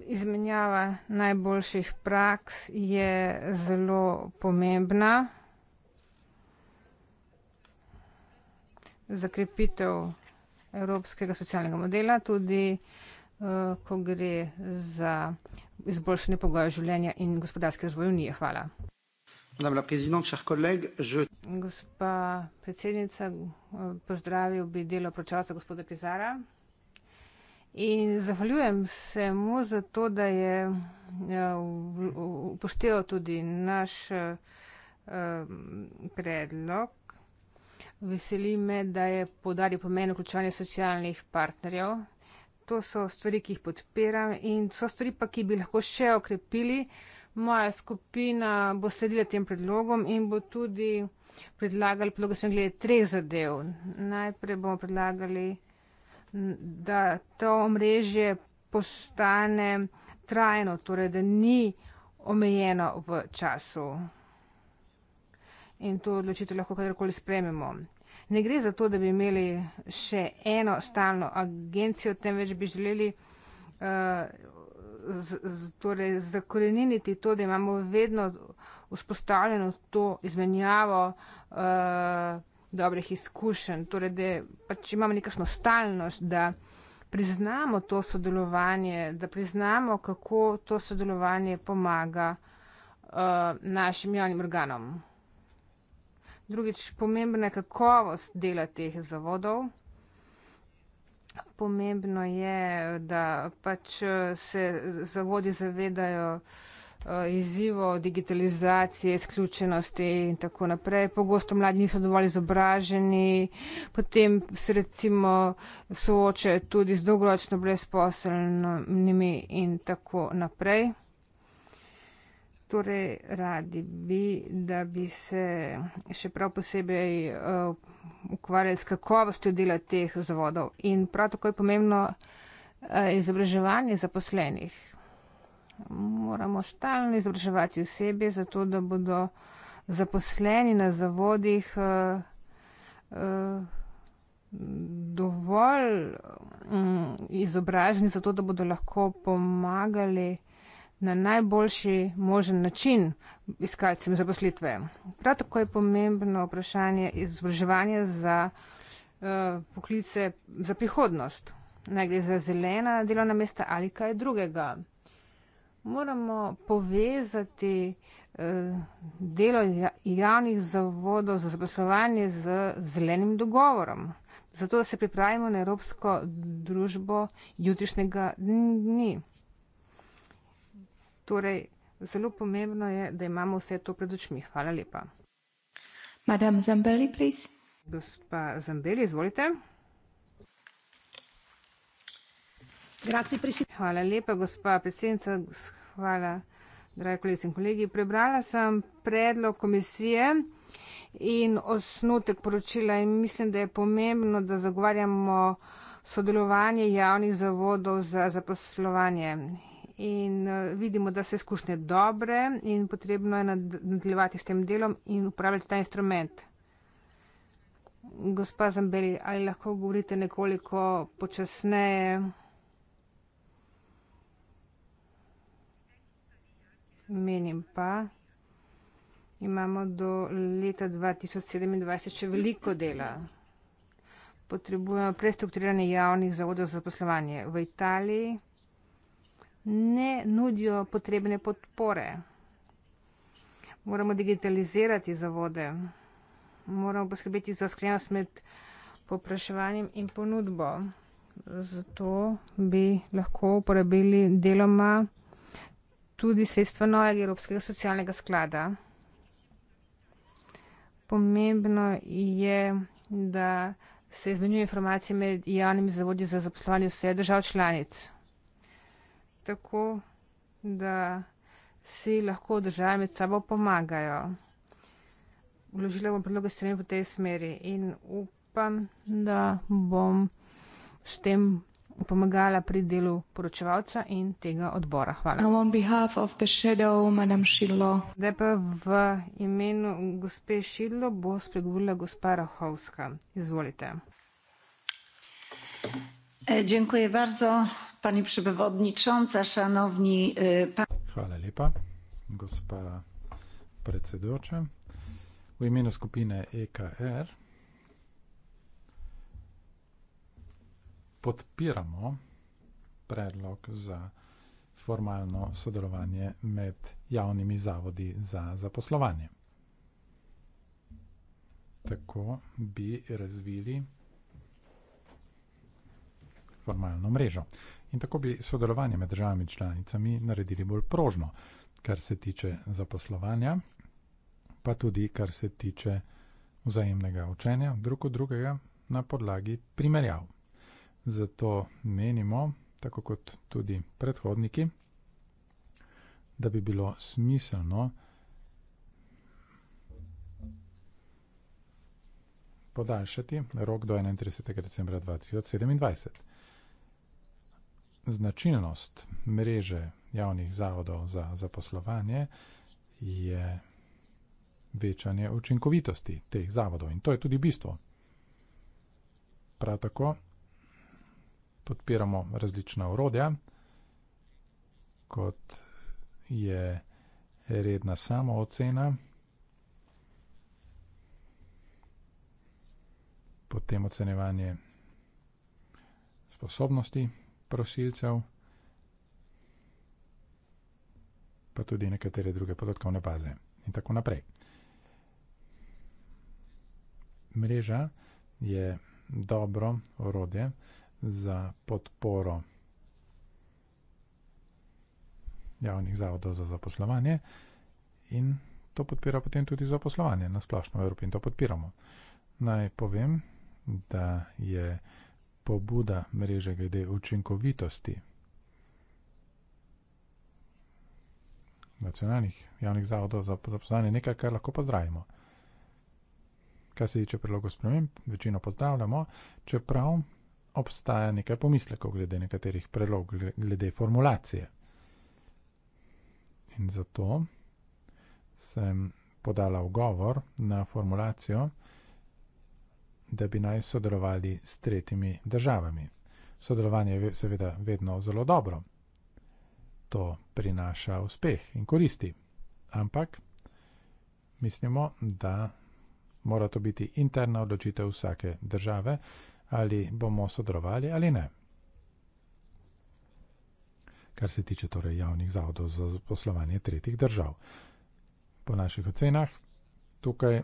izmenjava najboljših praks je zelo pomembna za krepitev evropskega socialnega modela, tudi eh, ko gre za izboljšanje pogojev življenja in gospodarski razvoj Unije. Hvala. Gospa predsednica, eh, pozdravil bi delo pročevalca gospoda Pizarra. In zahvaljujem se mu za to, da je eh, upošteval tudi naš eh, predlog. Veseli me, da je podaril pomen vključovanja socialnih partnerjev. To so stvari, ki jih podpiram in so stvari, pa, ki bi lahko še okrepili. Moja skupina bo sledila tem predlogom in bo tudi predlagala predloge, sem glede treh zadev. Najprej bomo predlagali da to omrežje postane trajno, torej da ni omejeno v času. In to odločitev lahko kadarkoli sprememo. Ne gre za to, da bi imeli še eno stalno agencijo, temveč bi želeli uh, z, z, torej zakoreniniti to, da imamo vedno vzpostavljeno to izmenjavo uh, dobrih izkušenj, torej da pač imamo nekašno stalnost, da priznamo to sodelovanje, da priznamo, kako to sodelovanje pomaga uh, našim javnim organom. Drugič, pomembna je kakovost dela teh zavodov. Pomembno je, da pač eh, se zavodi zavedajo, Eh, izzivov digitalizacije, izključenosti in tako naprej. Pogosto mladi niso dovolj izobraženi, potem se recimo soočajo tudi z dolgoročno brezposelnimi in tako naprej. Torej, radi bi, da bi se še prav posebej uh, ukvarjali s kakovostjo dela teh zavodov in prav tako je pomembno uh, izobraževanje zaposlenih. Moramo stalno izobraževati osebe, zato da bodo zaposleni na zavodih uh, uh, dovolj um, izobraženi, zato da bodo lahko pomagali na najboljši možen način iskalcem zaposlitve. Prav tako je pomembno vprašanje izobraževanja za uh, poklice za prihodnost. Naj gre za zelena delovna mesta ali kaj drugega moramo povezati eh, delo ja-, javnih zavodov za zaposlovanje z zelenim dogovorom. Zato se pripravimo na Evropsko družbo jutrišnjega dni. Torej, zelo pomembno je, da imamo vse to pred očmi. Hvala lepa. Madame Zambeli, please. Gospa Zambeli, izvolite. Hvala lepa, gospa predsednica. Hvala, drage kolegice in kolegi. Prebrala sem predlog komisije in osnutek poročila in mislim, da je pomembno, da zagovarjamo sodelovanje javnih zavodov za zaposlovanje. In eh, vidimo, da se izkušnje dobre in potrebno je nadaljevati s tem delom in upravljati ta instrument. Gospa Zambeli, ali lahko govorite nekoliko počasneje? menim pa, imamo do leta 2027 še veliko dela. Potrebujemo prestrukturiranje javnih zavodov za poslovanje. V Italiji ne nudijo potrebne podpore. Moramo digitalizirati zavode. Moramo poskrbeti za sklenost med popraševanjem in ponudbo. Zato bi lahko uporabili deloma tudi sredstva novega Evropskega socialnega sklada. Pomembno je, da se izmenjuje informacije med javnimi zavodji za zaposlovanje vseh držav članic. Tako, da si lahko države med sabo pomagajo. Vložila bom predloge strani v tej smeri in upam, da bom s tem pomagala pri delu poročevalca in tega odbora. Hvala. Zdaj pa v imenu gospe Šidlo bo spregovorila gospa Rahovska. Izvolite. E, dziękuję bardzo, pani przewodnicząca, szanowni e, panie. Hvala lepa, gospa predsedujoča. V imenu skupine EKR podpiramo predlog za formalno sodelovanje med javnimi zavodi za zaposlovanje. Tako bi razvili formalno mrežo. In tako bi sodelovanje med državami članicami naredili bolj prožno, kar se tiče zaposlovanja, pa tudi kar se tiče vzajemnega učenja drug od drugega na podlagi primerjav. Zato menimo, tako kot tudi predhodniki, da bi bilo smiselno podaljšati rok do 31. decembra 2027. Značilnost mreže javnih zavodov za zaposlovanje je večanje učinkovitosti teh zavodov in to je tudi bistvo. Prav tako podpiramo različna urodja, kot je redna samoocena. Potem ocenevanje sposobnosti prosilcev, pa tudi nekatere druge podatkovne baze in tako naprej. Mreža je dobro orodje, za podporo javnih zavodov za zaposlovanje in to podpira potem tudi zaposlovanje na splošno v Evropi in to podpiramo. Naj povem, da je pobuda mreže glede učinkovitosti nacionalnih javnih zavodov za zaposlovanje nekaj, kar lahko pozdravimo. Kar se tiče predlogov sprememb, večino pozdravljamo, čeprav obstaja nekaj pomislekov glede nekaterih predlog, glede formulacije. In zato sem podala ogovor na formulacijo, da bi naj sodelovali s tretjimi državami. Sodelovanje je seveda vedno zelo dobro. To prinaša uspeh in koristi. Ampak mislimo, da mora to biti interna odločitev vsake države, ali bomo sodelovali ali ne. Kar se tiče torej javnih zavodov za poslovanje tretjih držav. Po naših ocenah tukaj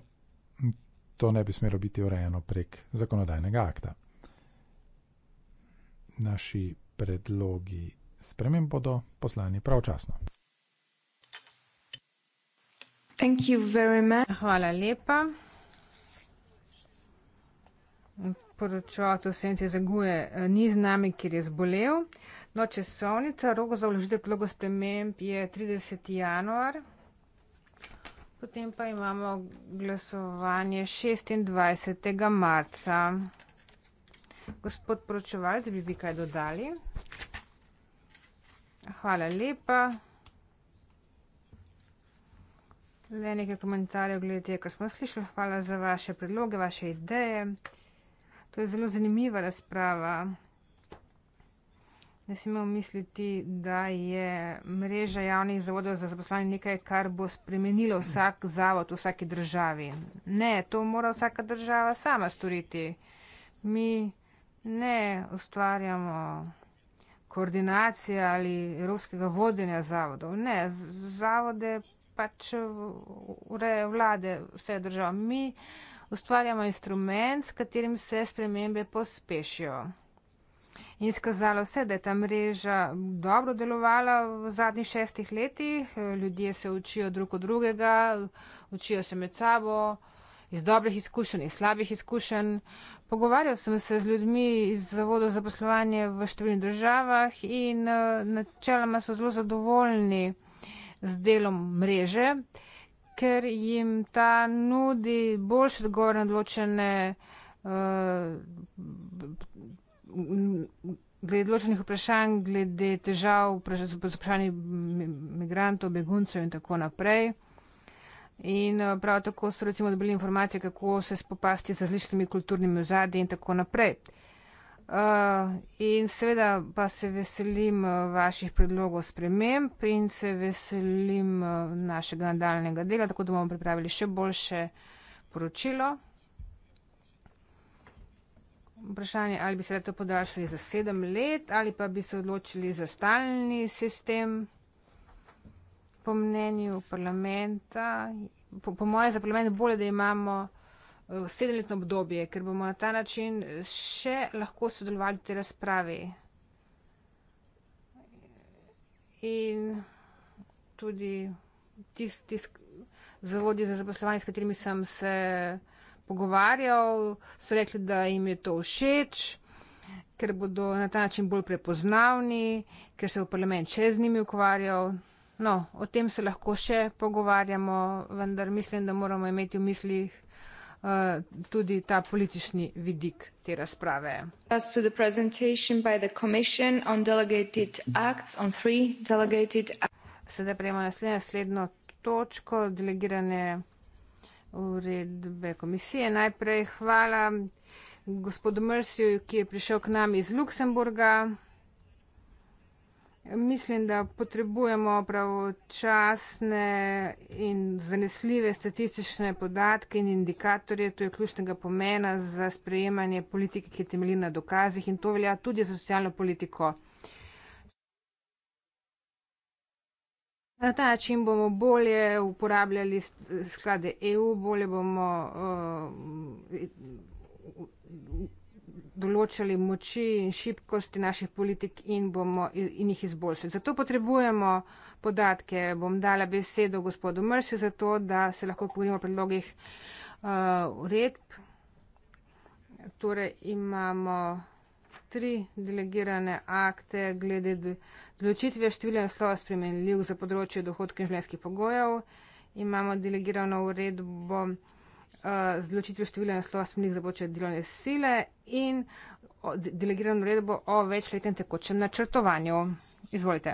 to ne bi smelo biti urejeno prek zakonodajnega akta. Naši predlogi sprememb bodo poslani pravčasno. Hvala lepa sporočilo, to se jim se zaguje, eh, ni z nami, ker je zbolel. No, časovnica, rok za vložitev predloga sprememb je 30. januar, potem pa imamo glasovanje 26. marca. Gospod poročevalc, bi vi kaj dodali? Hvala lepa. Le nekaj komentarjev glede tega, kar smo slišali. Hvala za vaše predloge, vaše ideje. To je zelo zanimiva razprava. Ne smemo misliti, da je mreža javnih zavodov za zaposlovanje nekaj, kar bo spremenilo vsak zavod v vsaki državi. Ne, to mora vsaka država sama storiti. Mi ne ustvarjamo koordinacije ali evropskega vodenja zavodov. Ne, zavode pač ureje vlade vse države ustvarjamo instrument, s katerim se spremembe pospešijo. In skazalo se, da je ta mreža dobro delovala v zadnjih šestih letih, ljudje se učijo drug od drugega, učijo se med sabo iz dobrih izkušenj, iz slabih izkušenj. Pogovarjal sem se z ljudmi iz Zavoda za poslovanje v številnih državah in eh, načeloma so zelo zadovoljni z delom mreže. Uh, ker jim ta nudi boljše odgovore na določene uh, eh, glede določenih vprašanj, glede težav z vprašanji migrantov, beguncev in tako naprej. In uh, prav tako so recimo dobili informacije, kako se spopasti z različnimi kulturnimi ozadji in tako naprej. Uh, Eh, in seveda pa se veselim eh, vaših predlogov sprememb in se veselim eh, našega nadaljnega dela, tako da bomo pripravili še boljše poročilo. Vprašanje, ali bi se to podaljšali za sedem let ali pa bi se odločili za stalni sistem. Po mnenju parlamenta, po, po mojem za parlament bolje, da imamo Eh, sedemletno obdobje, ker bomo na ta način še lahko sodelovali v tej razpravi. In tudi tisti tis zavodi za zaposlovanje, s katerimi sem se pogovarjal, so rekli, da jim je to všeč, ker bodo na ta način bolj prepoznavni, ker se bo parlament še z njimi ukvarjal. No, o tem se lahko še pogovarjamo, vendar mislim, da moramo imeti v mislih Eh, tudi ta politični vidik te razprave. Sedaj prejemamo naslednjo, naslednjo točko, delegirane uredbe komisije. Najprej hvala gospodu Mrsiju, ki je prišel k nam iz Luksemburga. Mislim, da potrebujemo pravočasne in zanesljive statistične podatke in indikatorje. To je ključnega pomena za sprejemanje politike, ki temelji na dokazih in to velja tudi za socialno politiko. Na ta način bomo bolje uporabljali sklade EU, bolje bomo. Uh, določali moči in šibkosti naših politik in, bomo, in jih izboljšali. Zato potrebujemo podatke. Bom dala besedo gospodu Mrsju, zato da se lahko pogovorimo o predlogih uh, uredb. Uh, torej imamo tri delegirane akte glede določitve števila naslova spremenljiv za področje dohodke in življenjskih pogojev. Imamo delegirano uredbo. Uh, Eh, z ločitvijo števila naslova smernih za področje delovne sile in delegirano uredbo o večletnem tekočem načrtovanju. Izvolite.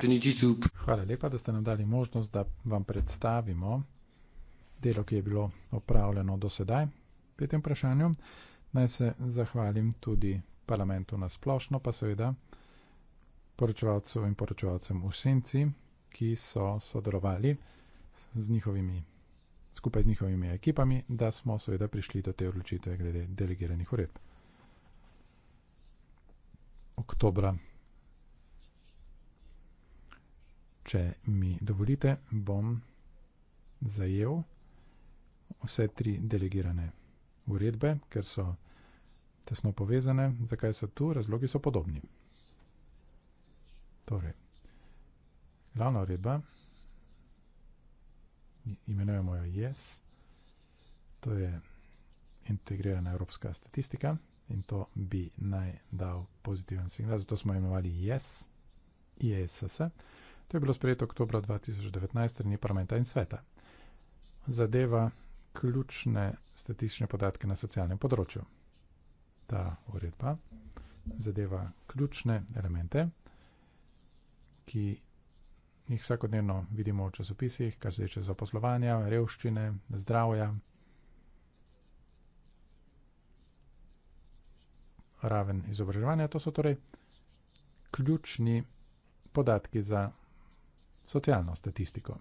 Hvala lepa, da ste nam dali možnost, da vam predstavimo delo, ki je bilo opravljeno do sedaj pri tem vprašanju. Naj se zahvalim tudi parlamentu na splošno, pa seveda poročevalcev in poročevalcem v senci, ki so sodelovali z njihovimi skupaj z njihovimi ekipami, da smo seveda prišli do te odločitve glede delegiranih uredb. Oktobra. Če mi dovolite, bom zajel vse tri delegirane uredbe, ker so tesno povezane. Zakaj so tu? Razlogi so podobni. Torej, glavna uredba imenujemo jo JES. To je integrirana evropska statistika in to bi naj dal pozitiven signal, zato smo imenovali JES, IESS. To je bilo sprejeto oktobra 2019 strani parlamenta in sveta. Zadeva ključne statistične podatke na socialnem področju. Ta uredba zadeva ključne elemente, ki jih vsakodnevno vidimo v časopisih, kar se tiče zaposlovanja, revščine, zdravja, raven izobraževanja. To so torej ključni podatki za socialno statistiko.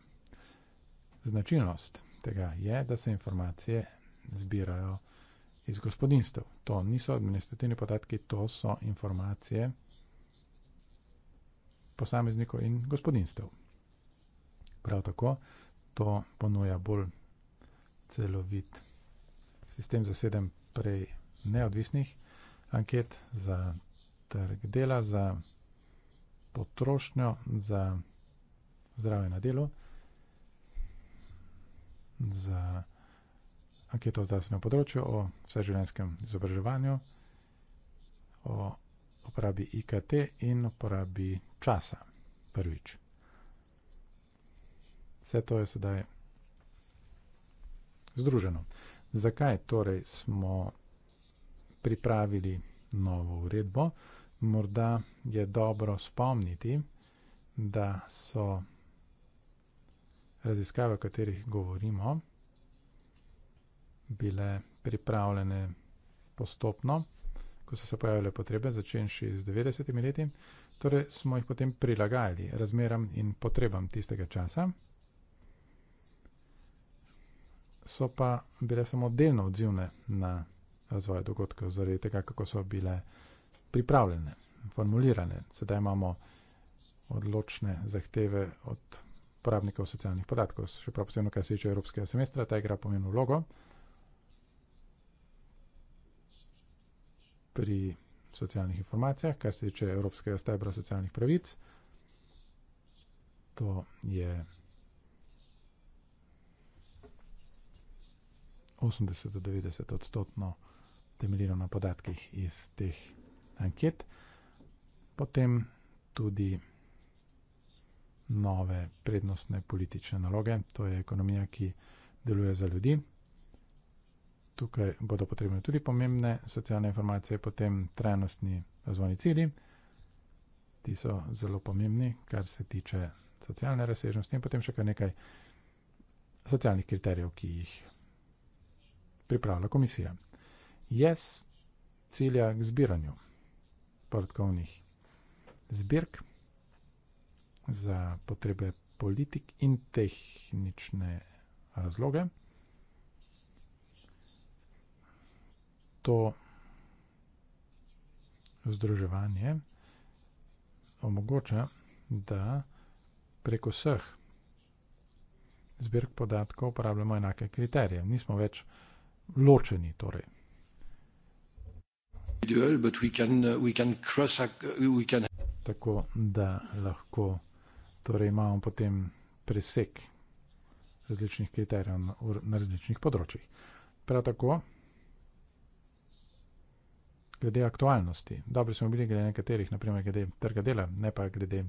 Značilnost tega je, da se informacije zbirajo iz gospodinstv. To niso administrativni podatki, to so informacije posameznikov in gospodinstv prav tako. To ponuja bolj celovit sistem za sedem prej neodvisnih anket za trg dela, za potrošnjo, za zdravje na delu, za anketo o zdravstvenem področju, o vseživljenjskem izobraževanju, o uporabi IKT in uporabi časa prvič. Vse to je sedaj združeno. Zakaj torej smo pripravili novo uredbo? Morda je dobro spomniti, da so raziskave, o katerih govorimo, bile pripravljene postopno, ko so se pojavile potrebe, začenši z 90-imi leti, torej smo jih potem prilagajali razmeram in potrebam tistega časa so pa bile samo delno odzivne na razvoj dogodkov, zaradi tega, kako so bile pripravljene, formulirane. Sedaj imamo odločne zahteve od uporabnikov socialnih podatkov, še prav posebno, kar se tiče evropskega semestra, ta igra pomembno vlogo pri socialnih informacijah, kar se tiče evropskega stebra socialnih pravic. To je 80-90 odstotno temeljilo na podatkih iz teh anket. Potem tudi nove prednostne politične naloge, to je ekonomija, ki deluje za ljudi. Tukaj bodo potrebne tudi pomembne socialne informacije, potem trajnostni razvojni cilji, ti so zelo pomembni, kar se tiče socialne razsežnosti in potem še kar nekaj socialnih kriterijev, ki jih pripravila komisija. Jaz cilja k zbiranju podatkovnih zbirk za potrebe politik in tehnične razloge. To združevanje omogoča, da preko vseh zbirk podatkov uporabljamo enake kriterije. Nismo več uh, ločeni. Torej. Uh, uh, tako da lahko torej imamo potem presek različnih kriterijev na različnih področjih. Prav tako, glede aktualnosti. Dobro smo bili glede nekaterih, naprimer glede trga dela, ne pa glede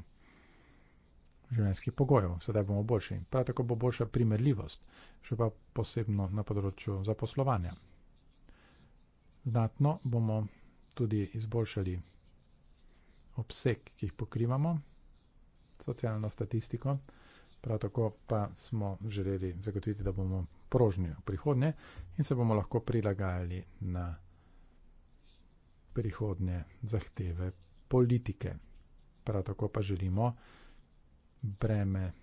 življenjskih pogojev, sedaj bomo boljši. Prav tako bo boljša primerljivost, še pa posebno na področju zaposlovanja. Znatno bomo tudi izboljšali obseg, ki jih pokrivamo, socialno statistiko, prav tako pa smo želeli zagotoviti, da bomo prožni v prihodnje in se bomo lahko prilagajali na prihodnje zahteve politike. Prav tako pa želimo, da breme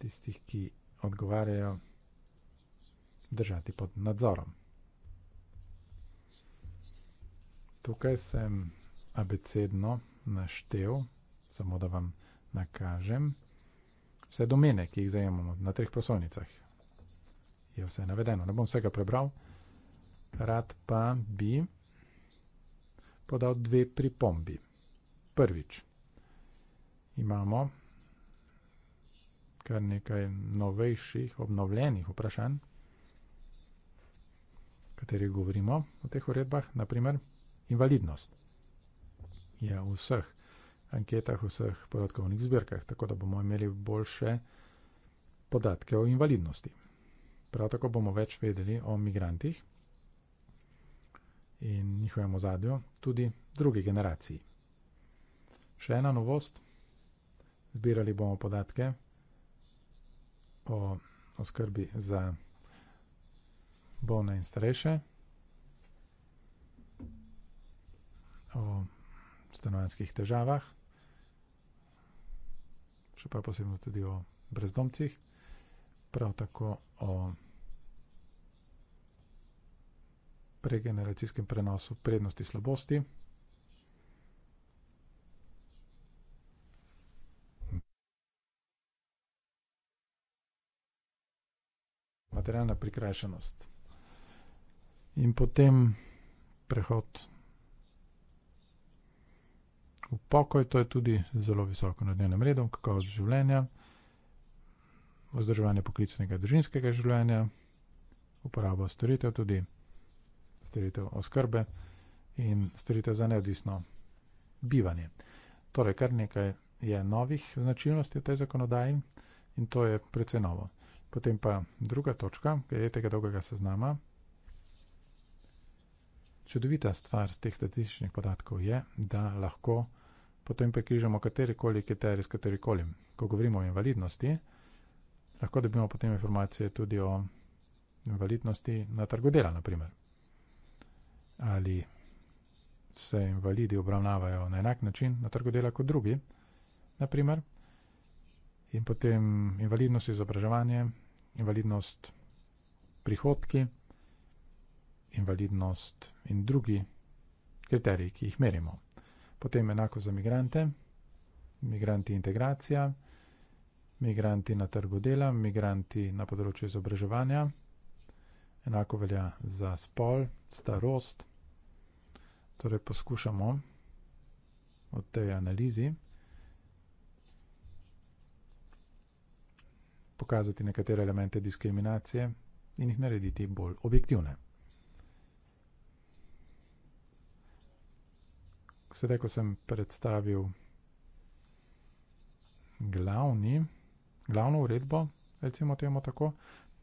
tistih, ki odgovarjajo, držati pod nadzorom. Tukaj sem abecedno naštel, samo da vam nakažem, vse domene, ki jih zajemamo na treh prosovnicah. Je vse navedeno, ne bom vsega prebral, rad pa bi podal dve pripombi. Prvič imamo kar nekaj novejših, obnovljenih vprašanj, katerih govorimo o teh uredbah, naprimer invalidnost je v vseh anketah, vseh podatkovnih zbirkah, tako da bomo imeli boljše podatke o invalidnosti. Prav tako bomo več vedeli o migrantih in njihovem ozadju, tudi drugi generaciji. Še ena novost, Zbirali bomo podatke o oskrbi za bolne in starejše, o stanovanjskih težavah, še pa posebno tudi o brezdomcih, prav tako o pregeneracijskem prenosu prednosti slabosti. materialna prikrajšanost. In potem prehod v pokoj, to je tudi zelo visoko na dnevnem redu, kakovost življenja, vzdrževanje poklicnega družinskega življenja, uporabo storitev, tudi storitev oskrbe in storitev za neodvisno bivanje. Torej, kar nekaj je novih značilnosti v tej zakonodaji in to je precej novo. Potem pa druga točka, glede tega dolgega seznama. Čudovita stvar teh statističnih podatkov je, da lahko potem prekrižamo katerikoli kriterij s katerikoli. Ko govorimo o invalidnosti, lahko dobimo potem informacije tudi o invalidnosti na trgu dela, naprimer. Ali se invalidi obravnavajo na enak način na trgu dela kot drugi, naprimer in potem invalidnost izobraževanje, invalidnost prihodki, invalidnost in drugi kriteriji, ki jih merimo. Potem enako za migrante, migranti integracija, migranti na trgu dela, migranti na področju izobraževanja, enako velja za spol, starost. Torej poskušamo v tej analizi, pokazati nekatere elemente diskriminacije in jih narediti bolj objektivne. Sedaj, ko sem predstavil glavni, glavno uredbo, recimo temu tako,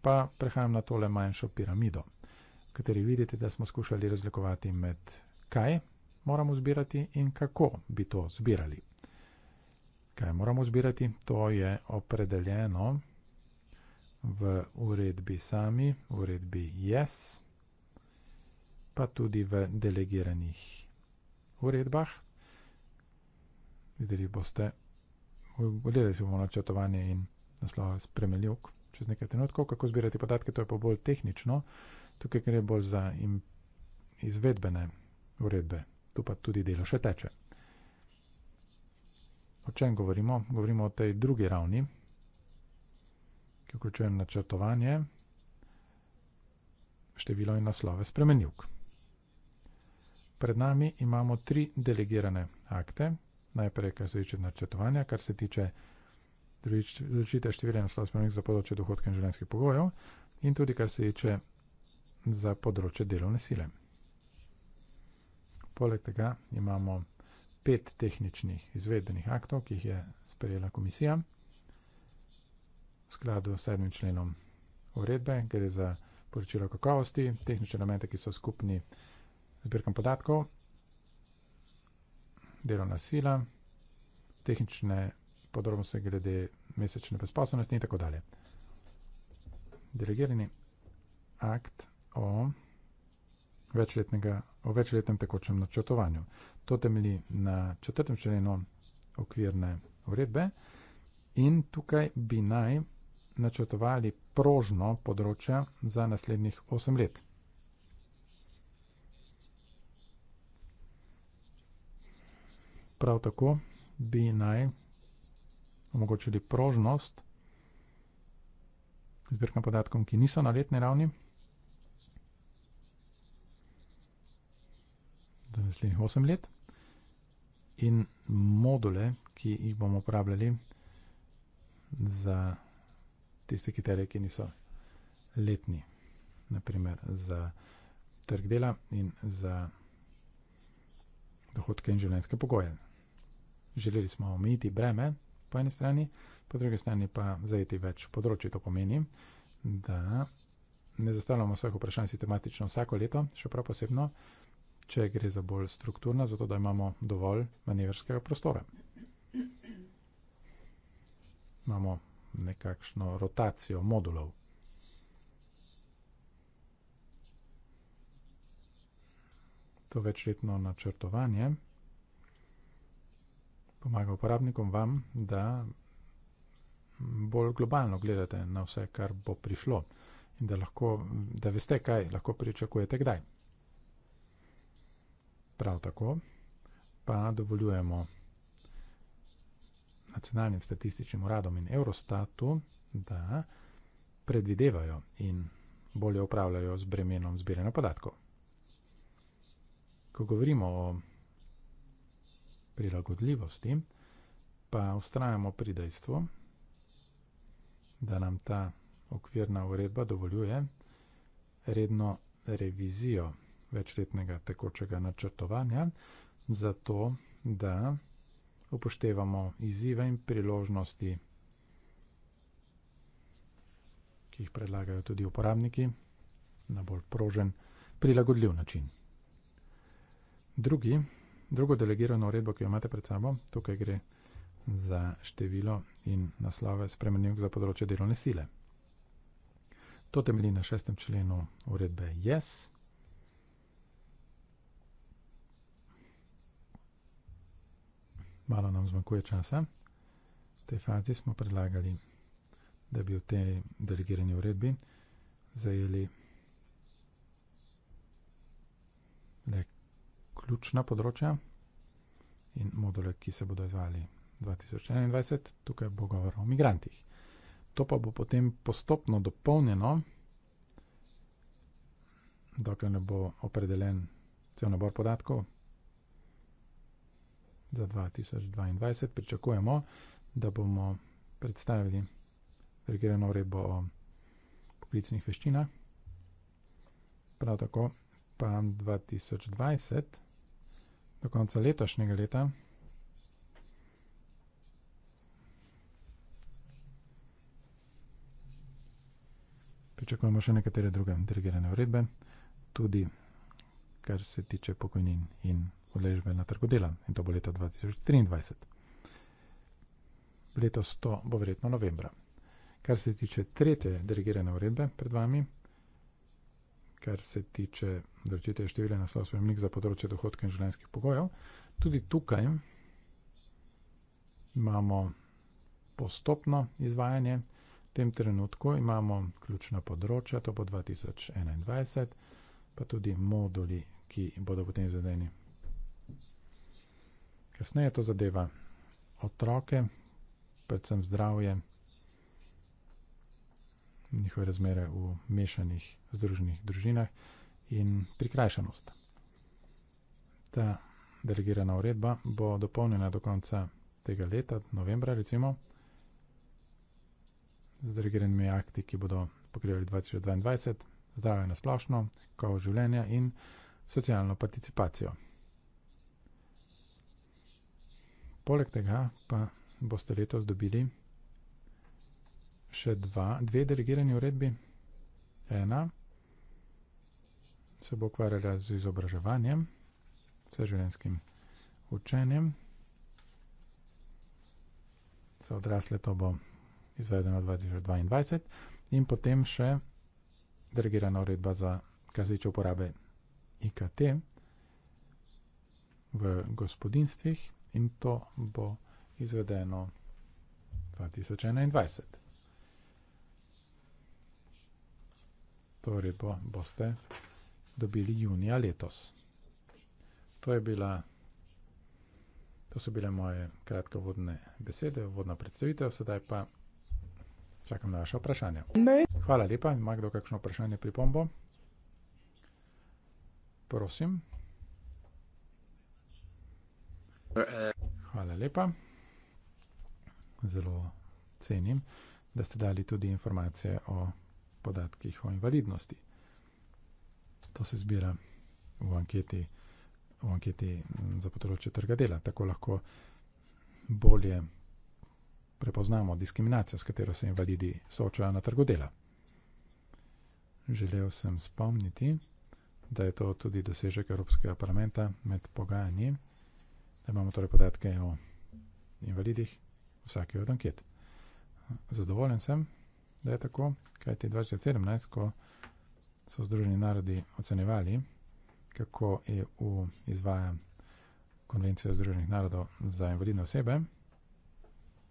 pa prehajam na tole manjšo piramido, v kateri vidite, da smo skušali razlikovati med kaj moramo zbirati in kako bi to zbirali. Kaj moramo zbirati, to je opredeljeno v uredbi sami, v uredbi yes, pa tudi v delegiranih uredbah. Videli boste, gledali si bomo načrtovanje in naslov spremeljivk čez nekaj trenutkov, kako zbirati podatke, to je pa bolj tehnično, tukaj gre bolj za izvedbene uredbe, tu pa tudi delo še teče. O čem govorimo? Govorimo o tej drugi ravni, ki vključuje načrtovanje, število in naslove spremenjivk. Pred nami imamo tri delegirane akte. Najprej, kar se tiče načrtovanja, kar se tiče določitev števila in naslova spremenjivk za področje dohodka in življenjskih pogojev in tudi, kar se tiče za področje delovne sile. Poleg tega imamo pet tehničnih izvedbenih aktov, ki jih je sprejela komisija v skladu s sedmim členom uredbe, gre za poročilo kakovosti, tehnične elemente, ki so skupni zbirkam podatkov, delovna sila, tehnične podrobnosti glede mesečne brezposobnosti in tako dalje. Delegirani akt o večletnega, o večletnem tekočem načrtovanju. To temelji na četrtem členu okvirne uredbe in tukaj bi naj načrtovali prožno področja za naslednjih 8 let. Prav tako bi naj omogočili prožnost zbirkam podatkom, ki niso na letni ravni za naslednjih 8 let in module, ki jih bomo uporabljali za naslednjih 8 let tiste kriterije, ki niso letni, naprimer za trg dela in za dohodke in življenjske pogoje. Želeli smo omejiti breme po eni strani, po drugi strani pa zajeti več področji. To pomeni, da ne zastavljamo vseh vprašanj sistematično vsako leto, še prav posebno, če gre za bolj strukturna, zato da imamo dovolj manevrskega prostora. Imamo nekakšno rotacijo modulov. To večletno načrtovanje pomaga uporabnikom vam, da bolj globalno gledate na vse, kar bo prišlo in da, lahko, da veste, kaj lahko pričakujete kdaj. Prav tako pa dovoljujemo nacionalnim statističnim uradom in Eurostatu, da predvidevajo in bolje upravljajo z bremenom zbiranja podatkov. Ko govorimo o prilagodljivosti, pa ustrajamo pri dejstvu, da nam ta okvirna uredba dovoljuje redno revizijo večletnega tekočega načrtovanja, zato da upoštevamo izzive in priložnosti, ki jih predlagajo tudi uporabniki na bolj prožen, prilagodljiv način. Drugi, drugo delegirano uredbo, ki jo imate pred sabo, tukaj gre za število in naslove spremenjivk za področje delovne sile. To temelji na šestem členu uredbe JES, malo nam zmanjkuje časa. V tej fazi smo predlagali, da bi v tej delegirani uredbi zajeli le ključna področja in module, ki se bodo izvali 2021. Tukaj bo govor o migrantih. To pa bo potem postopno dopolnjeno, dokler ne bo opredeljen cel nabor podatkov, za 2022 pričakujemo, da bomo predstavili regirano uredbo o poklicnih veščinah. Prav tako pa 2020, do konca letošnjega leta, pričakujemo še nekatere druge delegirane uredbe, tudi kar se tiče pokojnin in udeležbe na trgu dela in to bo leta 2023. Letos to bo verjetno novembra. Kar se tiče tretje delegirane uredbe pred vami, kar se tiče določitve števila naslov spremnik za področje dohodka in življenjskih pogojev, tudi tukaj imamo postopno izvajanje. V tem trenutku imamo ključna področja, to bo 2021, pa tudi moduli, ki bodo potem izvedeni Kasneje to zadeva otroke, predvsem zdravje, njihove razmere v mešanih združenih družinah in prikrajšanost. Ta delegirana uredba bo dopolnjena do konca tega leta, novembra recimo, z delegiranimi akti, ki bodo pokrivali 2022, zdravje na splošno, kao življenja in socialno participacijo. Poleg tega pa boste letos dobili še dva, dve delegirani uredbi. Ena se bo ukvarjala z izobraževanjem, vseživljenjskim učenjem. Za odrasle to bo izvedeno 2022 in potem še delegirana uredba za kazniče uporabe IKT v gospodinstvih in to bo izvedeno 2021. Torej bo, boste dobili junija letos. To, je bila, to so bile moje kratkovodne besede, vodna predstavitev, sedaj pa čakam na vaše vprašanje. Hvala lepa, ima kdo kakšno vprašanje, pripombo? Prosim. Hvala lepa. Zelo cenim, da ste dali tudi informacije o podatkih o invalidnosti. To se zbira v anketi, v anketi mm, za področje trga dela. Tako lahko bolje prepoznamo diskriminacijo, s katero se invalidi soočajo na trgu dela. Želel sem spomniti, da je to tudi dosežek Evropskega parlamenta med pogajanjem da imamo torej podatke o invalidih, vsake od anket. Zadovoljen sem, da je tako, kaj te 2017, ko so Združeni narodi ocenjevali, kako EU izvaja konvencijo Združenih narodov za invalidne osebe,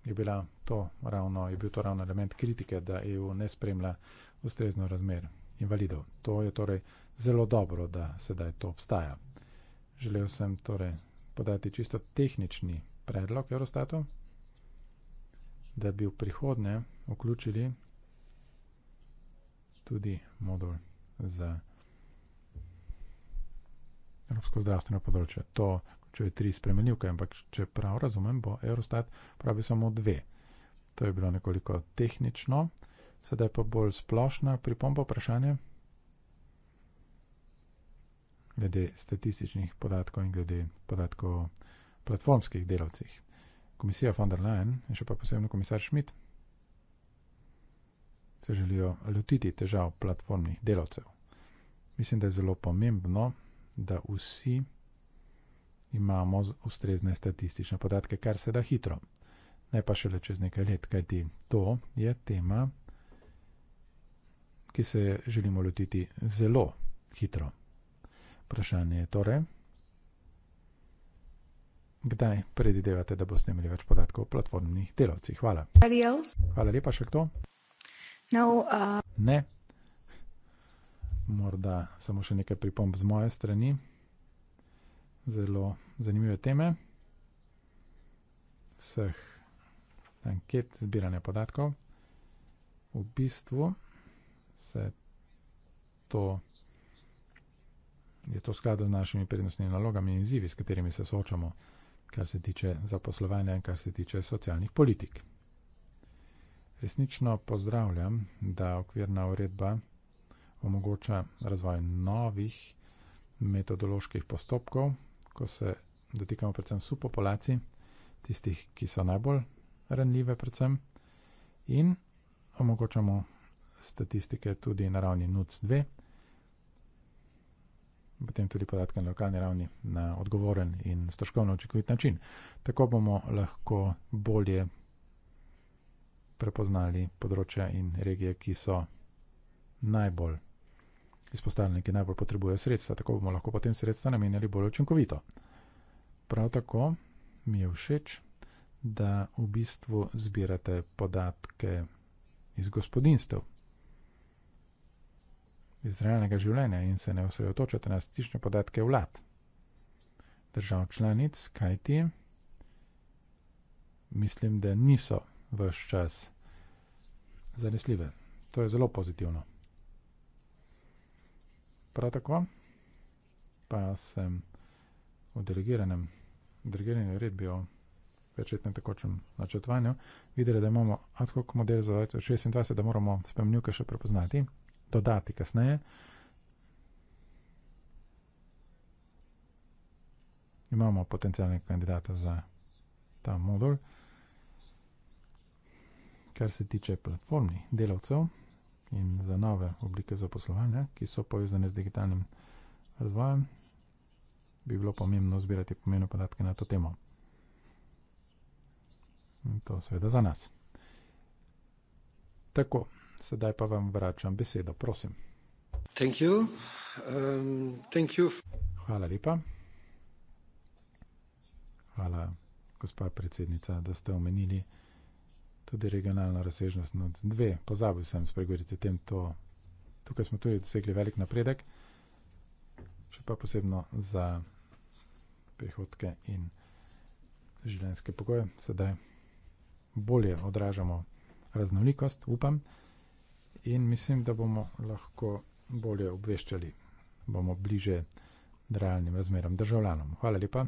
je, bila to ravno, je bil to ravno element kritike, da EU ne spremlja ustrezno razmer invalidov. To je torej zelo dobro, da sedaj to obstaja. Želel sem torej podati čisto tehnični predlog Eurostatu, da bi v prihodnje vključili tudi modul za Evropsko zdravstveno področje. To, če je tri spremenljivke, ampak če prav razumem, bo Eurostat pravi samo dve. To je bilo nekoliko tehnično, sedaj pa bolj splošna pripomba vprašanje glede statističnih podatkov in glede podatkov o platformskih delavcih. Komisija von der Leyen in še pa posebno komisar Schmidt se želijo lotiti težav platformnih delavcev. Mislim, da je zelo pomembno, da vsi imamo ustrezne statistične podatke, kar se da hitro. Ne pa šele čez nekaj let, kajti to je tema, ki se želimo lotiti zelo hitro. Vprašanje je torej, kdaj predidevate, da boste imeli več podatkov o platformnih delavcih? Hvala. Hvala lepa, še kdo? No, uh... Ne. Morda samo še nekaj pripomb z moje strani. Zelo zanimive teme vseh anket zbiranja podatkov. V bistvu se to je to skladno z našimi prednostnimi nalogami in izzivi, s katerimi se soočamo, kar se tiče zaposlovanja in kar se tiče socialnih politik. Resnično pozdravljam, da okvirna uredba omogoča razvoj novih metodoloških postopkov, ko se dotikamo predvsem subpopulacij, tistih, ki so najbolj ranljive predvsem, in omogočamo statistike tudi na ravni NUC 2, potem tudi podatke na lokalni ravni na odgovoren in stroškovno očekovit način. Tako bomo lahko bolje prepoznali področja in regije, ki so najbolj izpostavljeni, ki najbolj potrebujejo sredstva. Tako bomo lahko potem sredstva namenjali bolj učinkovito. Prav tako mi je všeč, da v bistvu zbirate podatke iz gospodinstv iz realnega življenja in se ne osredotočate na statične podatke vlad držav članic, kaj ti, mislim, da niso vaš čas zanesljive. To je zelo pozitivno. Prav tako pa sem v delegiranem, delegiranem redbi o večletnem takočem načrtovanju videl, da imamo ad hoc model za 26, da moramo spremljivke še prepoznati dodati kasneje. Imamo potencijalne kandidata za ta modul. Kar se tiče platformnih delavcev in za nove oblike zaposlovanja, ki so povezane z digitalnim razvojem, bi bilo pomembno zbirati pomeno podatke na to temo. In to seveda za nas. Tako. Sedaj pa vam vračam besedo, prosim. Thank you. Um, thank you. Hvala lepa. Hvala, gospa predsednica, da ste omenili tudi regionalno razsežnost NOC 2. Pozabil sem spregovoriti o tem, to. tukaj smo tudi dosegli velik napredek, še pa posebno za prihodke in življenjske pogoje. Sedaj bolje odražamo raznolikost, upam in mislim, da bomo lahko bolje obveščali, bomo bliže realnim razmeram državljanom. Hvala lepa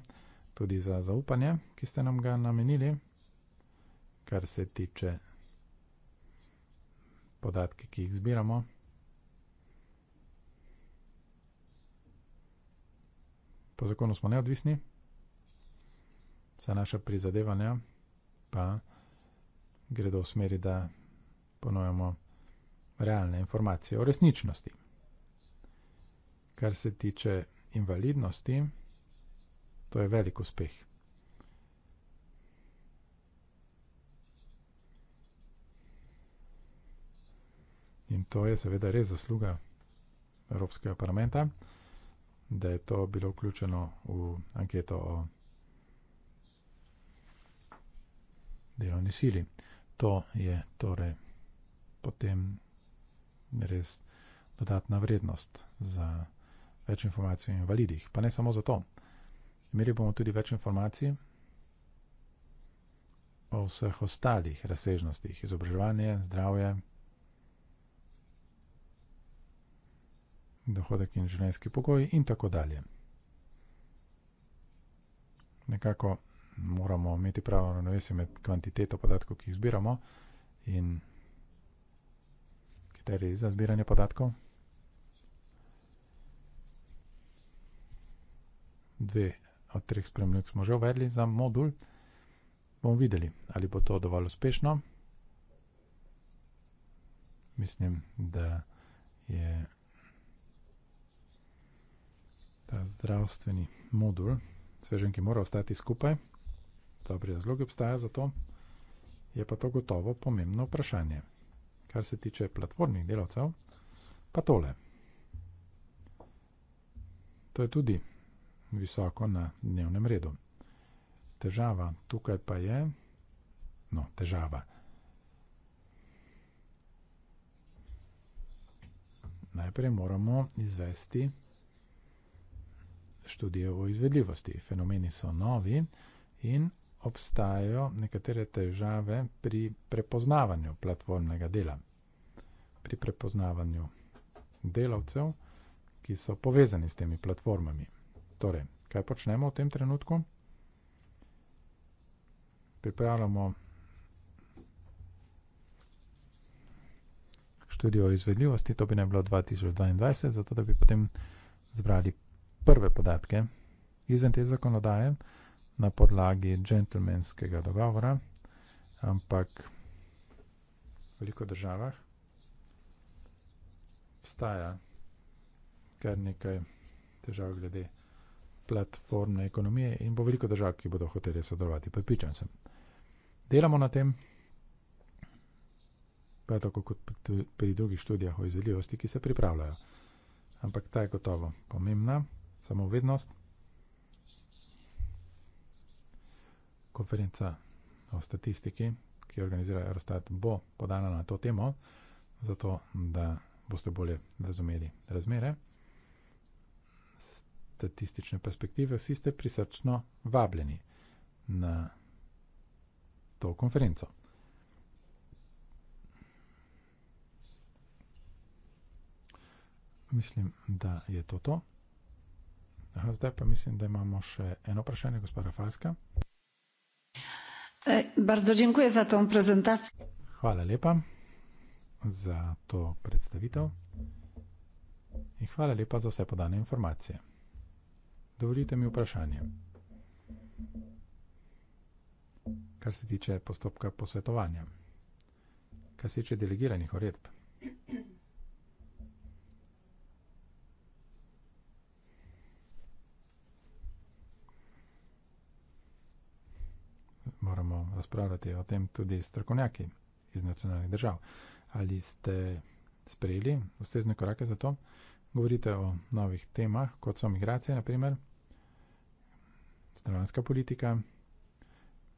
tudi za zaupanje, ki ste nam ga namenili, kar se tiče podatke, ki jih zbiramo. Po zakonu smo neodvisni, vsa naša prizadevanja pa gredo v smeri, da ponujemo realne informacije o resničnosti. Kar se tiče invalidnosti, to je velik uspeh. In to je seveda res zasluga Evropskega parlamenta, da je to bilo vključeno v anketo o delovni sili. To je torej potem res dodatna vrednost za več informacij o invalidih. Pa ne samo za to. Imeli bomo tudi več informacij o vseh ostalih razsežnostih, izobraževanje, zdravje, dohodek in življenjski pogoji in tako dalje. Nekako moramo imeti pravo ravnovesje med kvantiteto podatkov, ki jih zbiramo, in kriterij za zbiranje podatkov? Dve od treh spremljivk smo že uvedli za modul. Bomo videli, ali bo to dovolj uspešno. Mislim, da je ta zdravstveni modul svežen, ki mora ostati skupaj. Dobri razlogi obstaja za to. Je pa to gotovo pomembno vprašanje kar se tiče platformnih delavcev, pa tole. To je tudi visoko na dnevnem redu. Težava tukaj pa je, no, težava. Najprej moramo izvesti študijo o izvedljivosti. Fenomeni so novi in obstajajo nekatere težave pri prepoznavanju platformnega dela, pri prepoznavanju delavcev, ki so povezani s temi platformami. Torej, kaj počnemo v tem trenutku? Pripravljamo študijo o izvedljivosti, to bi naj bilo 2022, zato da bi potem zbrali prve podatke izven te zakonodaje, na podlagi džentlmenskega dogovora, ampak v veliko državah obstaja kar nekaj težav glede platformne ekonomije in bo veliko držav, ki bodo hoteli sodelovati, pripričan sem. Delamo na tem, pa tako kot pri drugih študijah o izvedljivosti, ki se pripravljajo. Ampak ta je gotovo pomembna samovednost. konferenca o statistiki, ki jo organizira Eurostat, bo podana na to temo, zato da boste bolje razumeli razmere. Statistične perspektive, vsi ste prisrčno vabljeni na to konferenco. Mislim, da je to to. Aha, zdaj pa mislim, da imamo še eno vprašanje, gospoda Falska. E, bardzo dziękuję za tą prezentację. Hvala lepa za to predstavitev in hvala lepa za vse podane informacije. Dovolite mi vprašanje. Kar se tiče postopka posvetovanja, kar se tiče delegiranih uredb. moramo razpravljati o tem tudi strokovnjaki iz nacionalnih držav. Ali ste sprejeli ustrezne korake za to? Govorite o novih temah, kot so migracije, naprimer, stranska politika,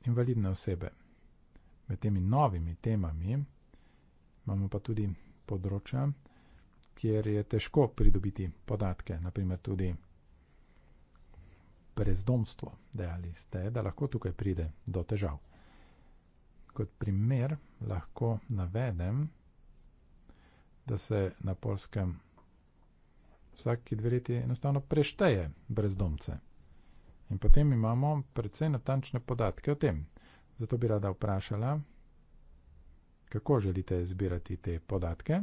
invalidne osebe. Med temi novimi temami imamo pa tudi področja, kjer je težko pridobiti podatke, naprimer tudi brezdomstvo. Dejali ste, da lahko tukaj pride do težav. Kot primer lahko navedem, da se na polskem vsaki dve leti enostavno prešteje brezdomce. In potem imamo precej natančne podatke o tem. Zato bi rada vprašala, kako želite zbirati te podatke.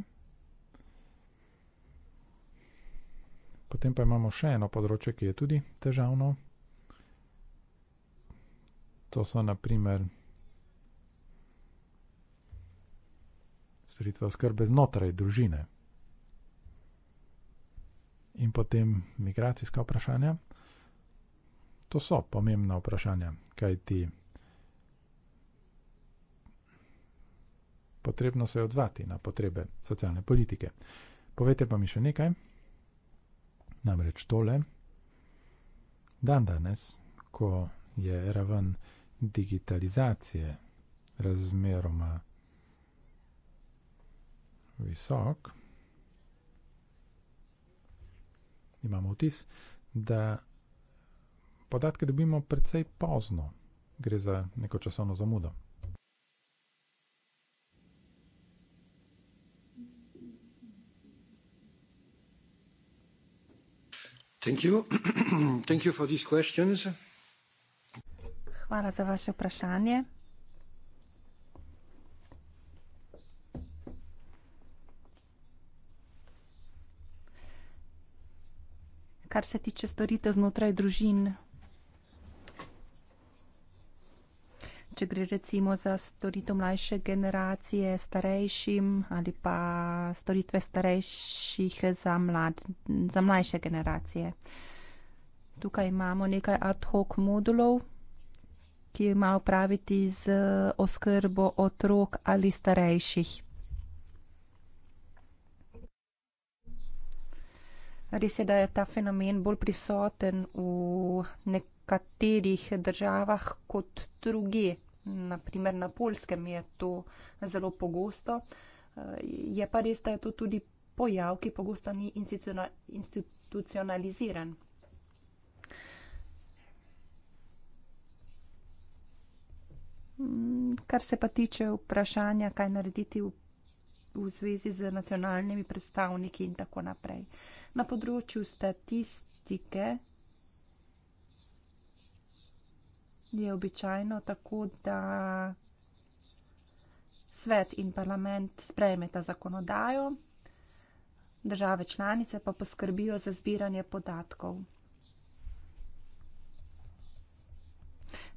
Potem pa imamo še eno področje, ki je tudi težavno. To so naprimer storitve oskrbe znotraj družine. In potem migracijska vprašanja. To so pomembna vprašanja, kaj ti potrebno se odzvati na potrebe socialne politike. Povejte pa mi še nekaj. Namreč tole, dan danes, ko je raven digitalizacije razmeroma visok, imamo vtis, da podatke dobimo precej pozno. Gre za neko časovno zamudo. Thank you. Thank you for these questions. Hvala za vaše vprašanje. Kar se tiče storitev znotraj družin, če gre recimo za storitev mlajše generacije starejšim ali pa storitve starejših za, mlad, za mlajše generacije. Tukaj imamo nekaj ad hoc modulov, ki ima opraviti z oskrbo otrok ali starejših. Res je, da je ta fenomen bolj prisoten v nekaterih državah kot druge. Naprimer na polskem je to zelo pogosto. Je pa res, da je to tudi pojav, ki pogosto ni institucionaliziran. Kar se pa tiče vprašanja, kaj narediti v, v zvezi z nacionalnimi predstavniki in tako naprej. Na področju statistike je običajno tako, da svet in parlament sprejmeta zakonodajo, države članice pa poskrbijo za zbiranje podatkov.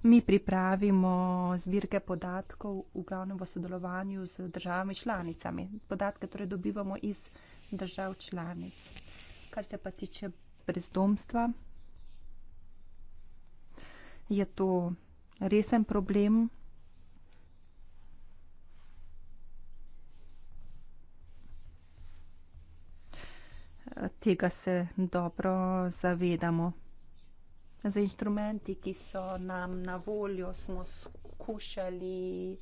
Mi pripravimo zbirke podatkov v glavnem v sodelovanju z državami članicami. Podatke torej dobivamo iz držav članic. Kar se pa tiče brezdomstva je to resen problem. Tega se dobro zavedamo. Za inštrumenti, ki so nam na voljo, smo skušali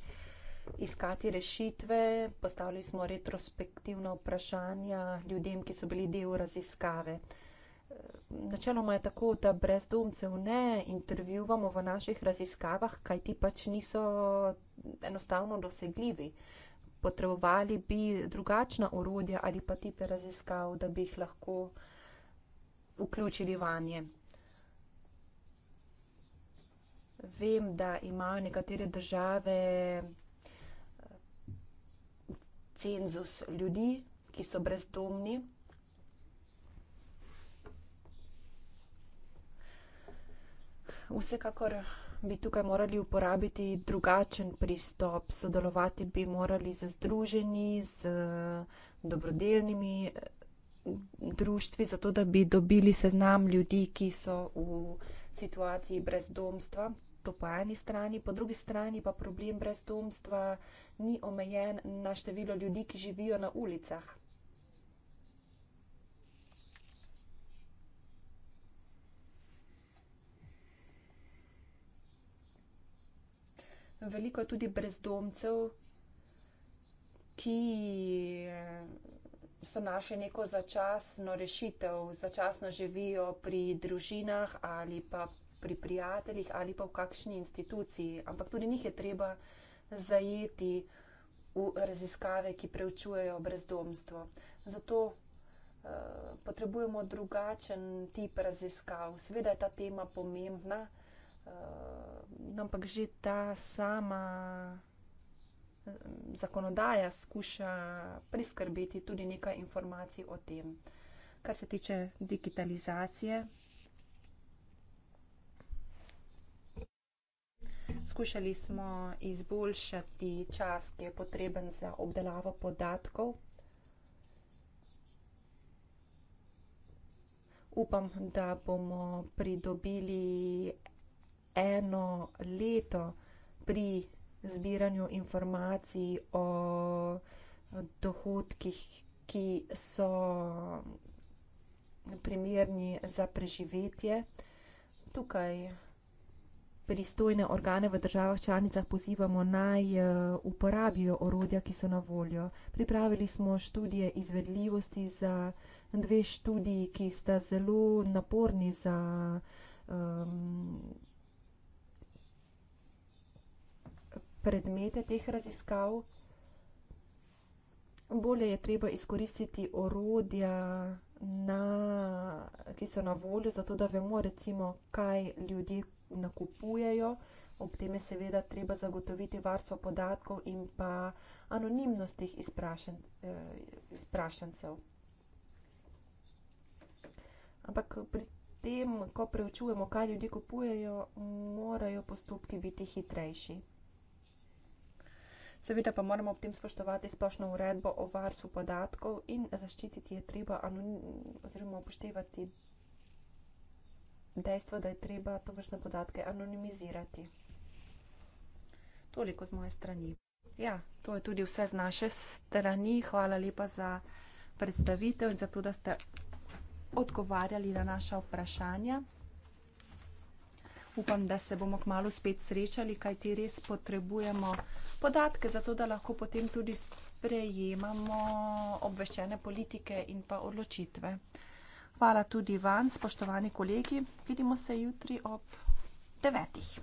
iskati rešitve, postavili smo retrospektivna vprašanja ljudem, ki so bili del raziskave. Načeloma je tako, da brezdomcev ne intervjuvamo v naših raziskavah, kaj ti pač niso enostavno dosegljivi. Potrebovali bi drugačna orodja ali pa tipe raziskav, da bi jih lahko vključili vanje. Vem, da imajo nekatere države eh, cenzus ljudi, ki so brezdomni. vsekakor bi tukaj morali uporabiti drugačen pristop, sodelovati bi morali z združeni, z eh, dobrodelnimi eh, društvi, zato da bi dobili seznam ljudi, ki so v situaciji brezdomstva. To po eni strani, po drugi strani pa problem brezdomstva ni omejen na število ljudi, ki živijo na ulicah. veliko tudi brezdomcev, ki so naše neko začasno rešitev, začasno živijo pri družinah ali pa pri prijateljih ali pa v kakšni instituciji. Ampak tudi njih je treba zajeti v raziskave, ki preučujejo brezdomstvo. Zato uh, potrebujemo drugačen tip raziskav. Seveda je ta tema pomembna. Uh, ampak že ta sama eh, zakonodaja skuša priskrbeti tudi nekaj informacij o tem. Kar se tiče digitalizacije, skušali smo izboljšati čas, ki je potreben za obdelavo podatkov. Upam, da bomo pridobili eno leto pri zbiranju informacij o dohodkih, ki so primerni za preživetje. Tukaj pristojne organe v državah članicah pozivamo naj eh, uporabijo orodja, ki so na voljo. Pripravili smo študije izvedljivosti za dve študiji, ki sta zelo naporni za um, predmete teh raziskav. Bolje je treba izkoristiti orodja, na, ki so na voljo, zato da vemo, recimo, kaj ljudje nakupujejo. Ob tem je seveda treba zagotoviti varstvo podatkov in pa anonimnost teh izprašencev. Eh, Ampak pri tem, ko preučujemo, kaj ljudje kupujejo, morajo postopki biti hitrejši. Seveda pa moramo ob tem spoštovati splošno uredbo o varstvu podatkov in zaščititi je treba oziroma upoštevati dejstvo, da je treba to vršne podatke anonimizirati. Toliko z moje strani. Ja, to je tudi vse z naše strani. Hvala lepa za predstavitev in za to, da ste odgovarjali na naša vprašanja upam, da se bomo kmalo spet srečali, kaj ti res potrebujemo podatke, zato da lahko potem tudi sprejemamo obveščene politike in pa odločitve. Hvala tudi vam, spoštovani kolegi. Vidimo se jutri ob devetih.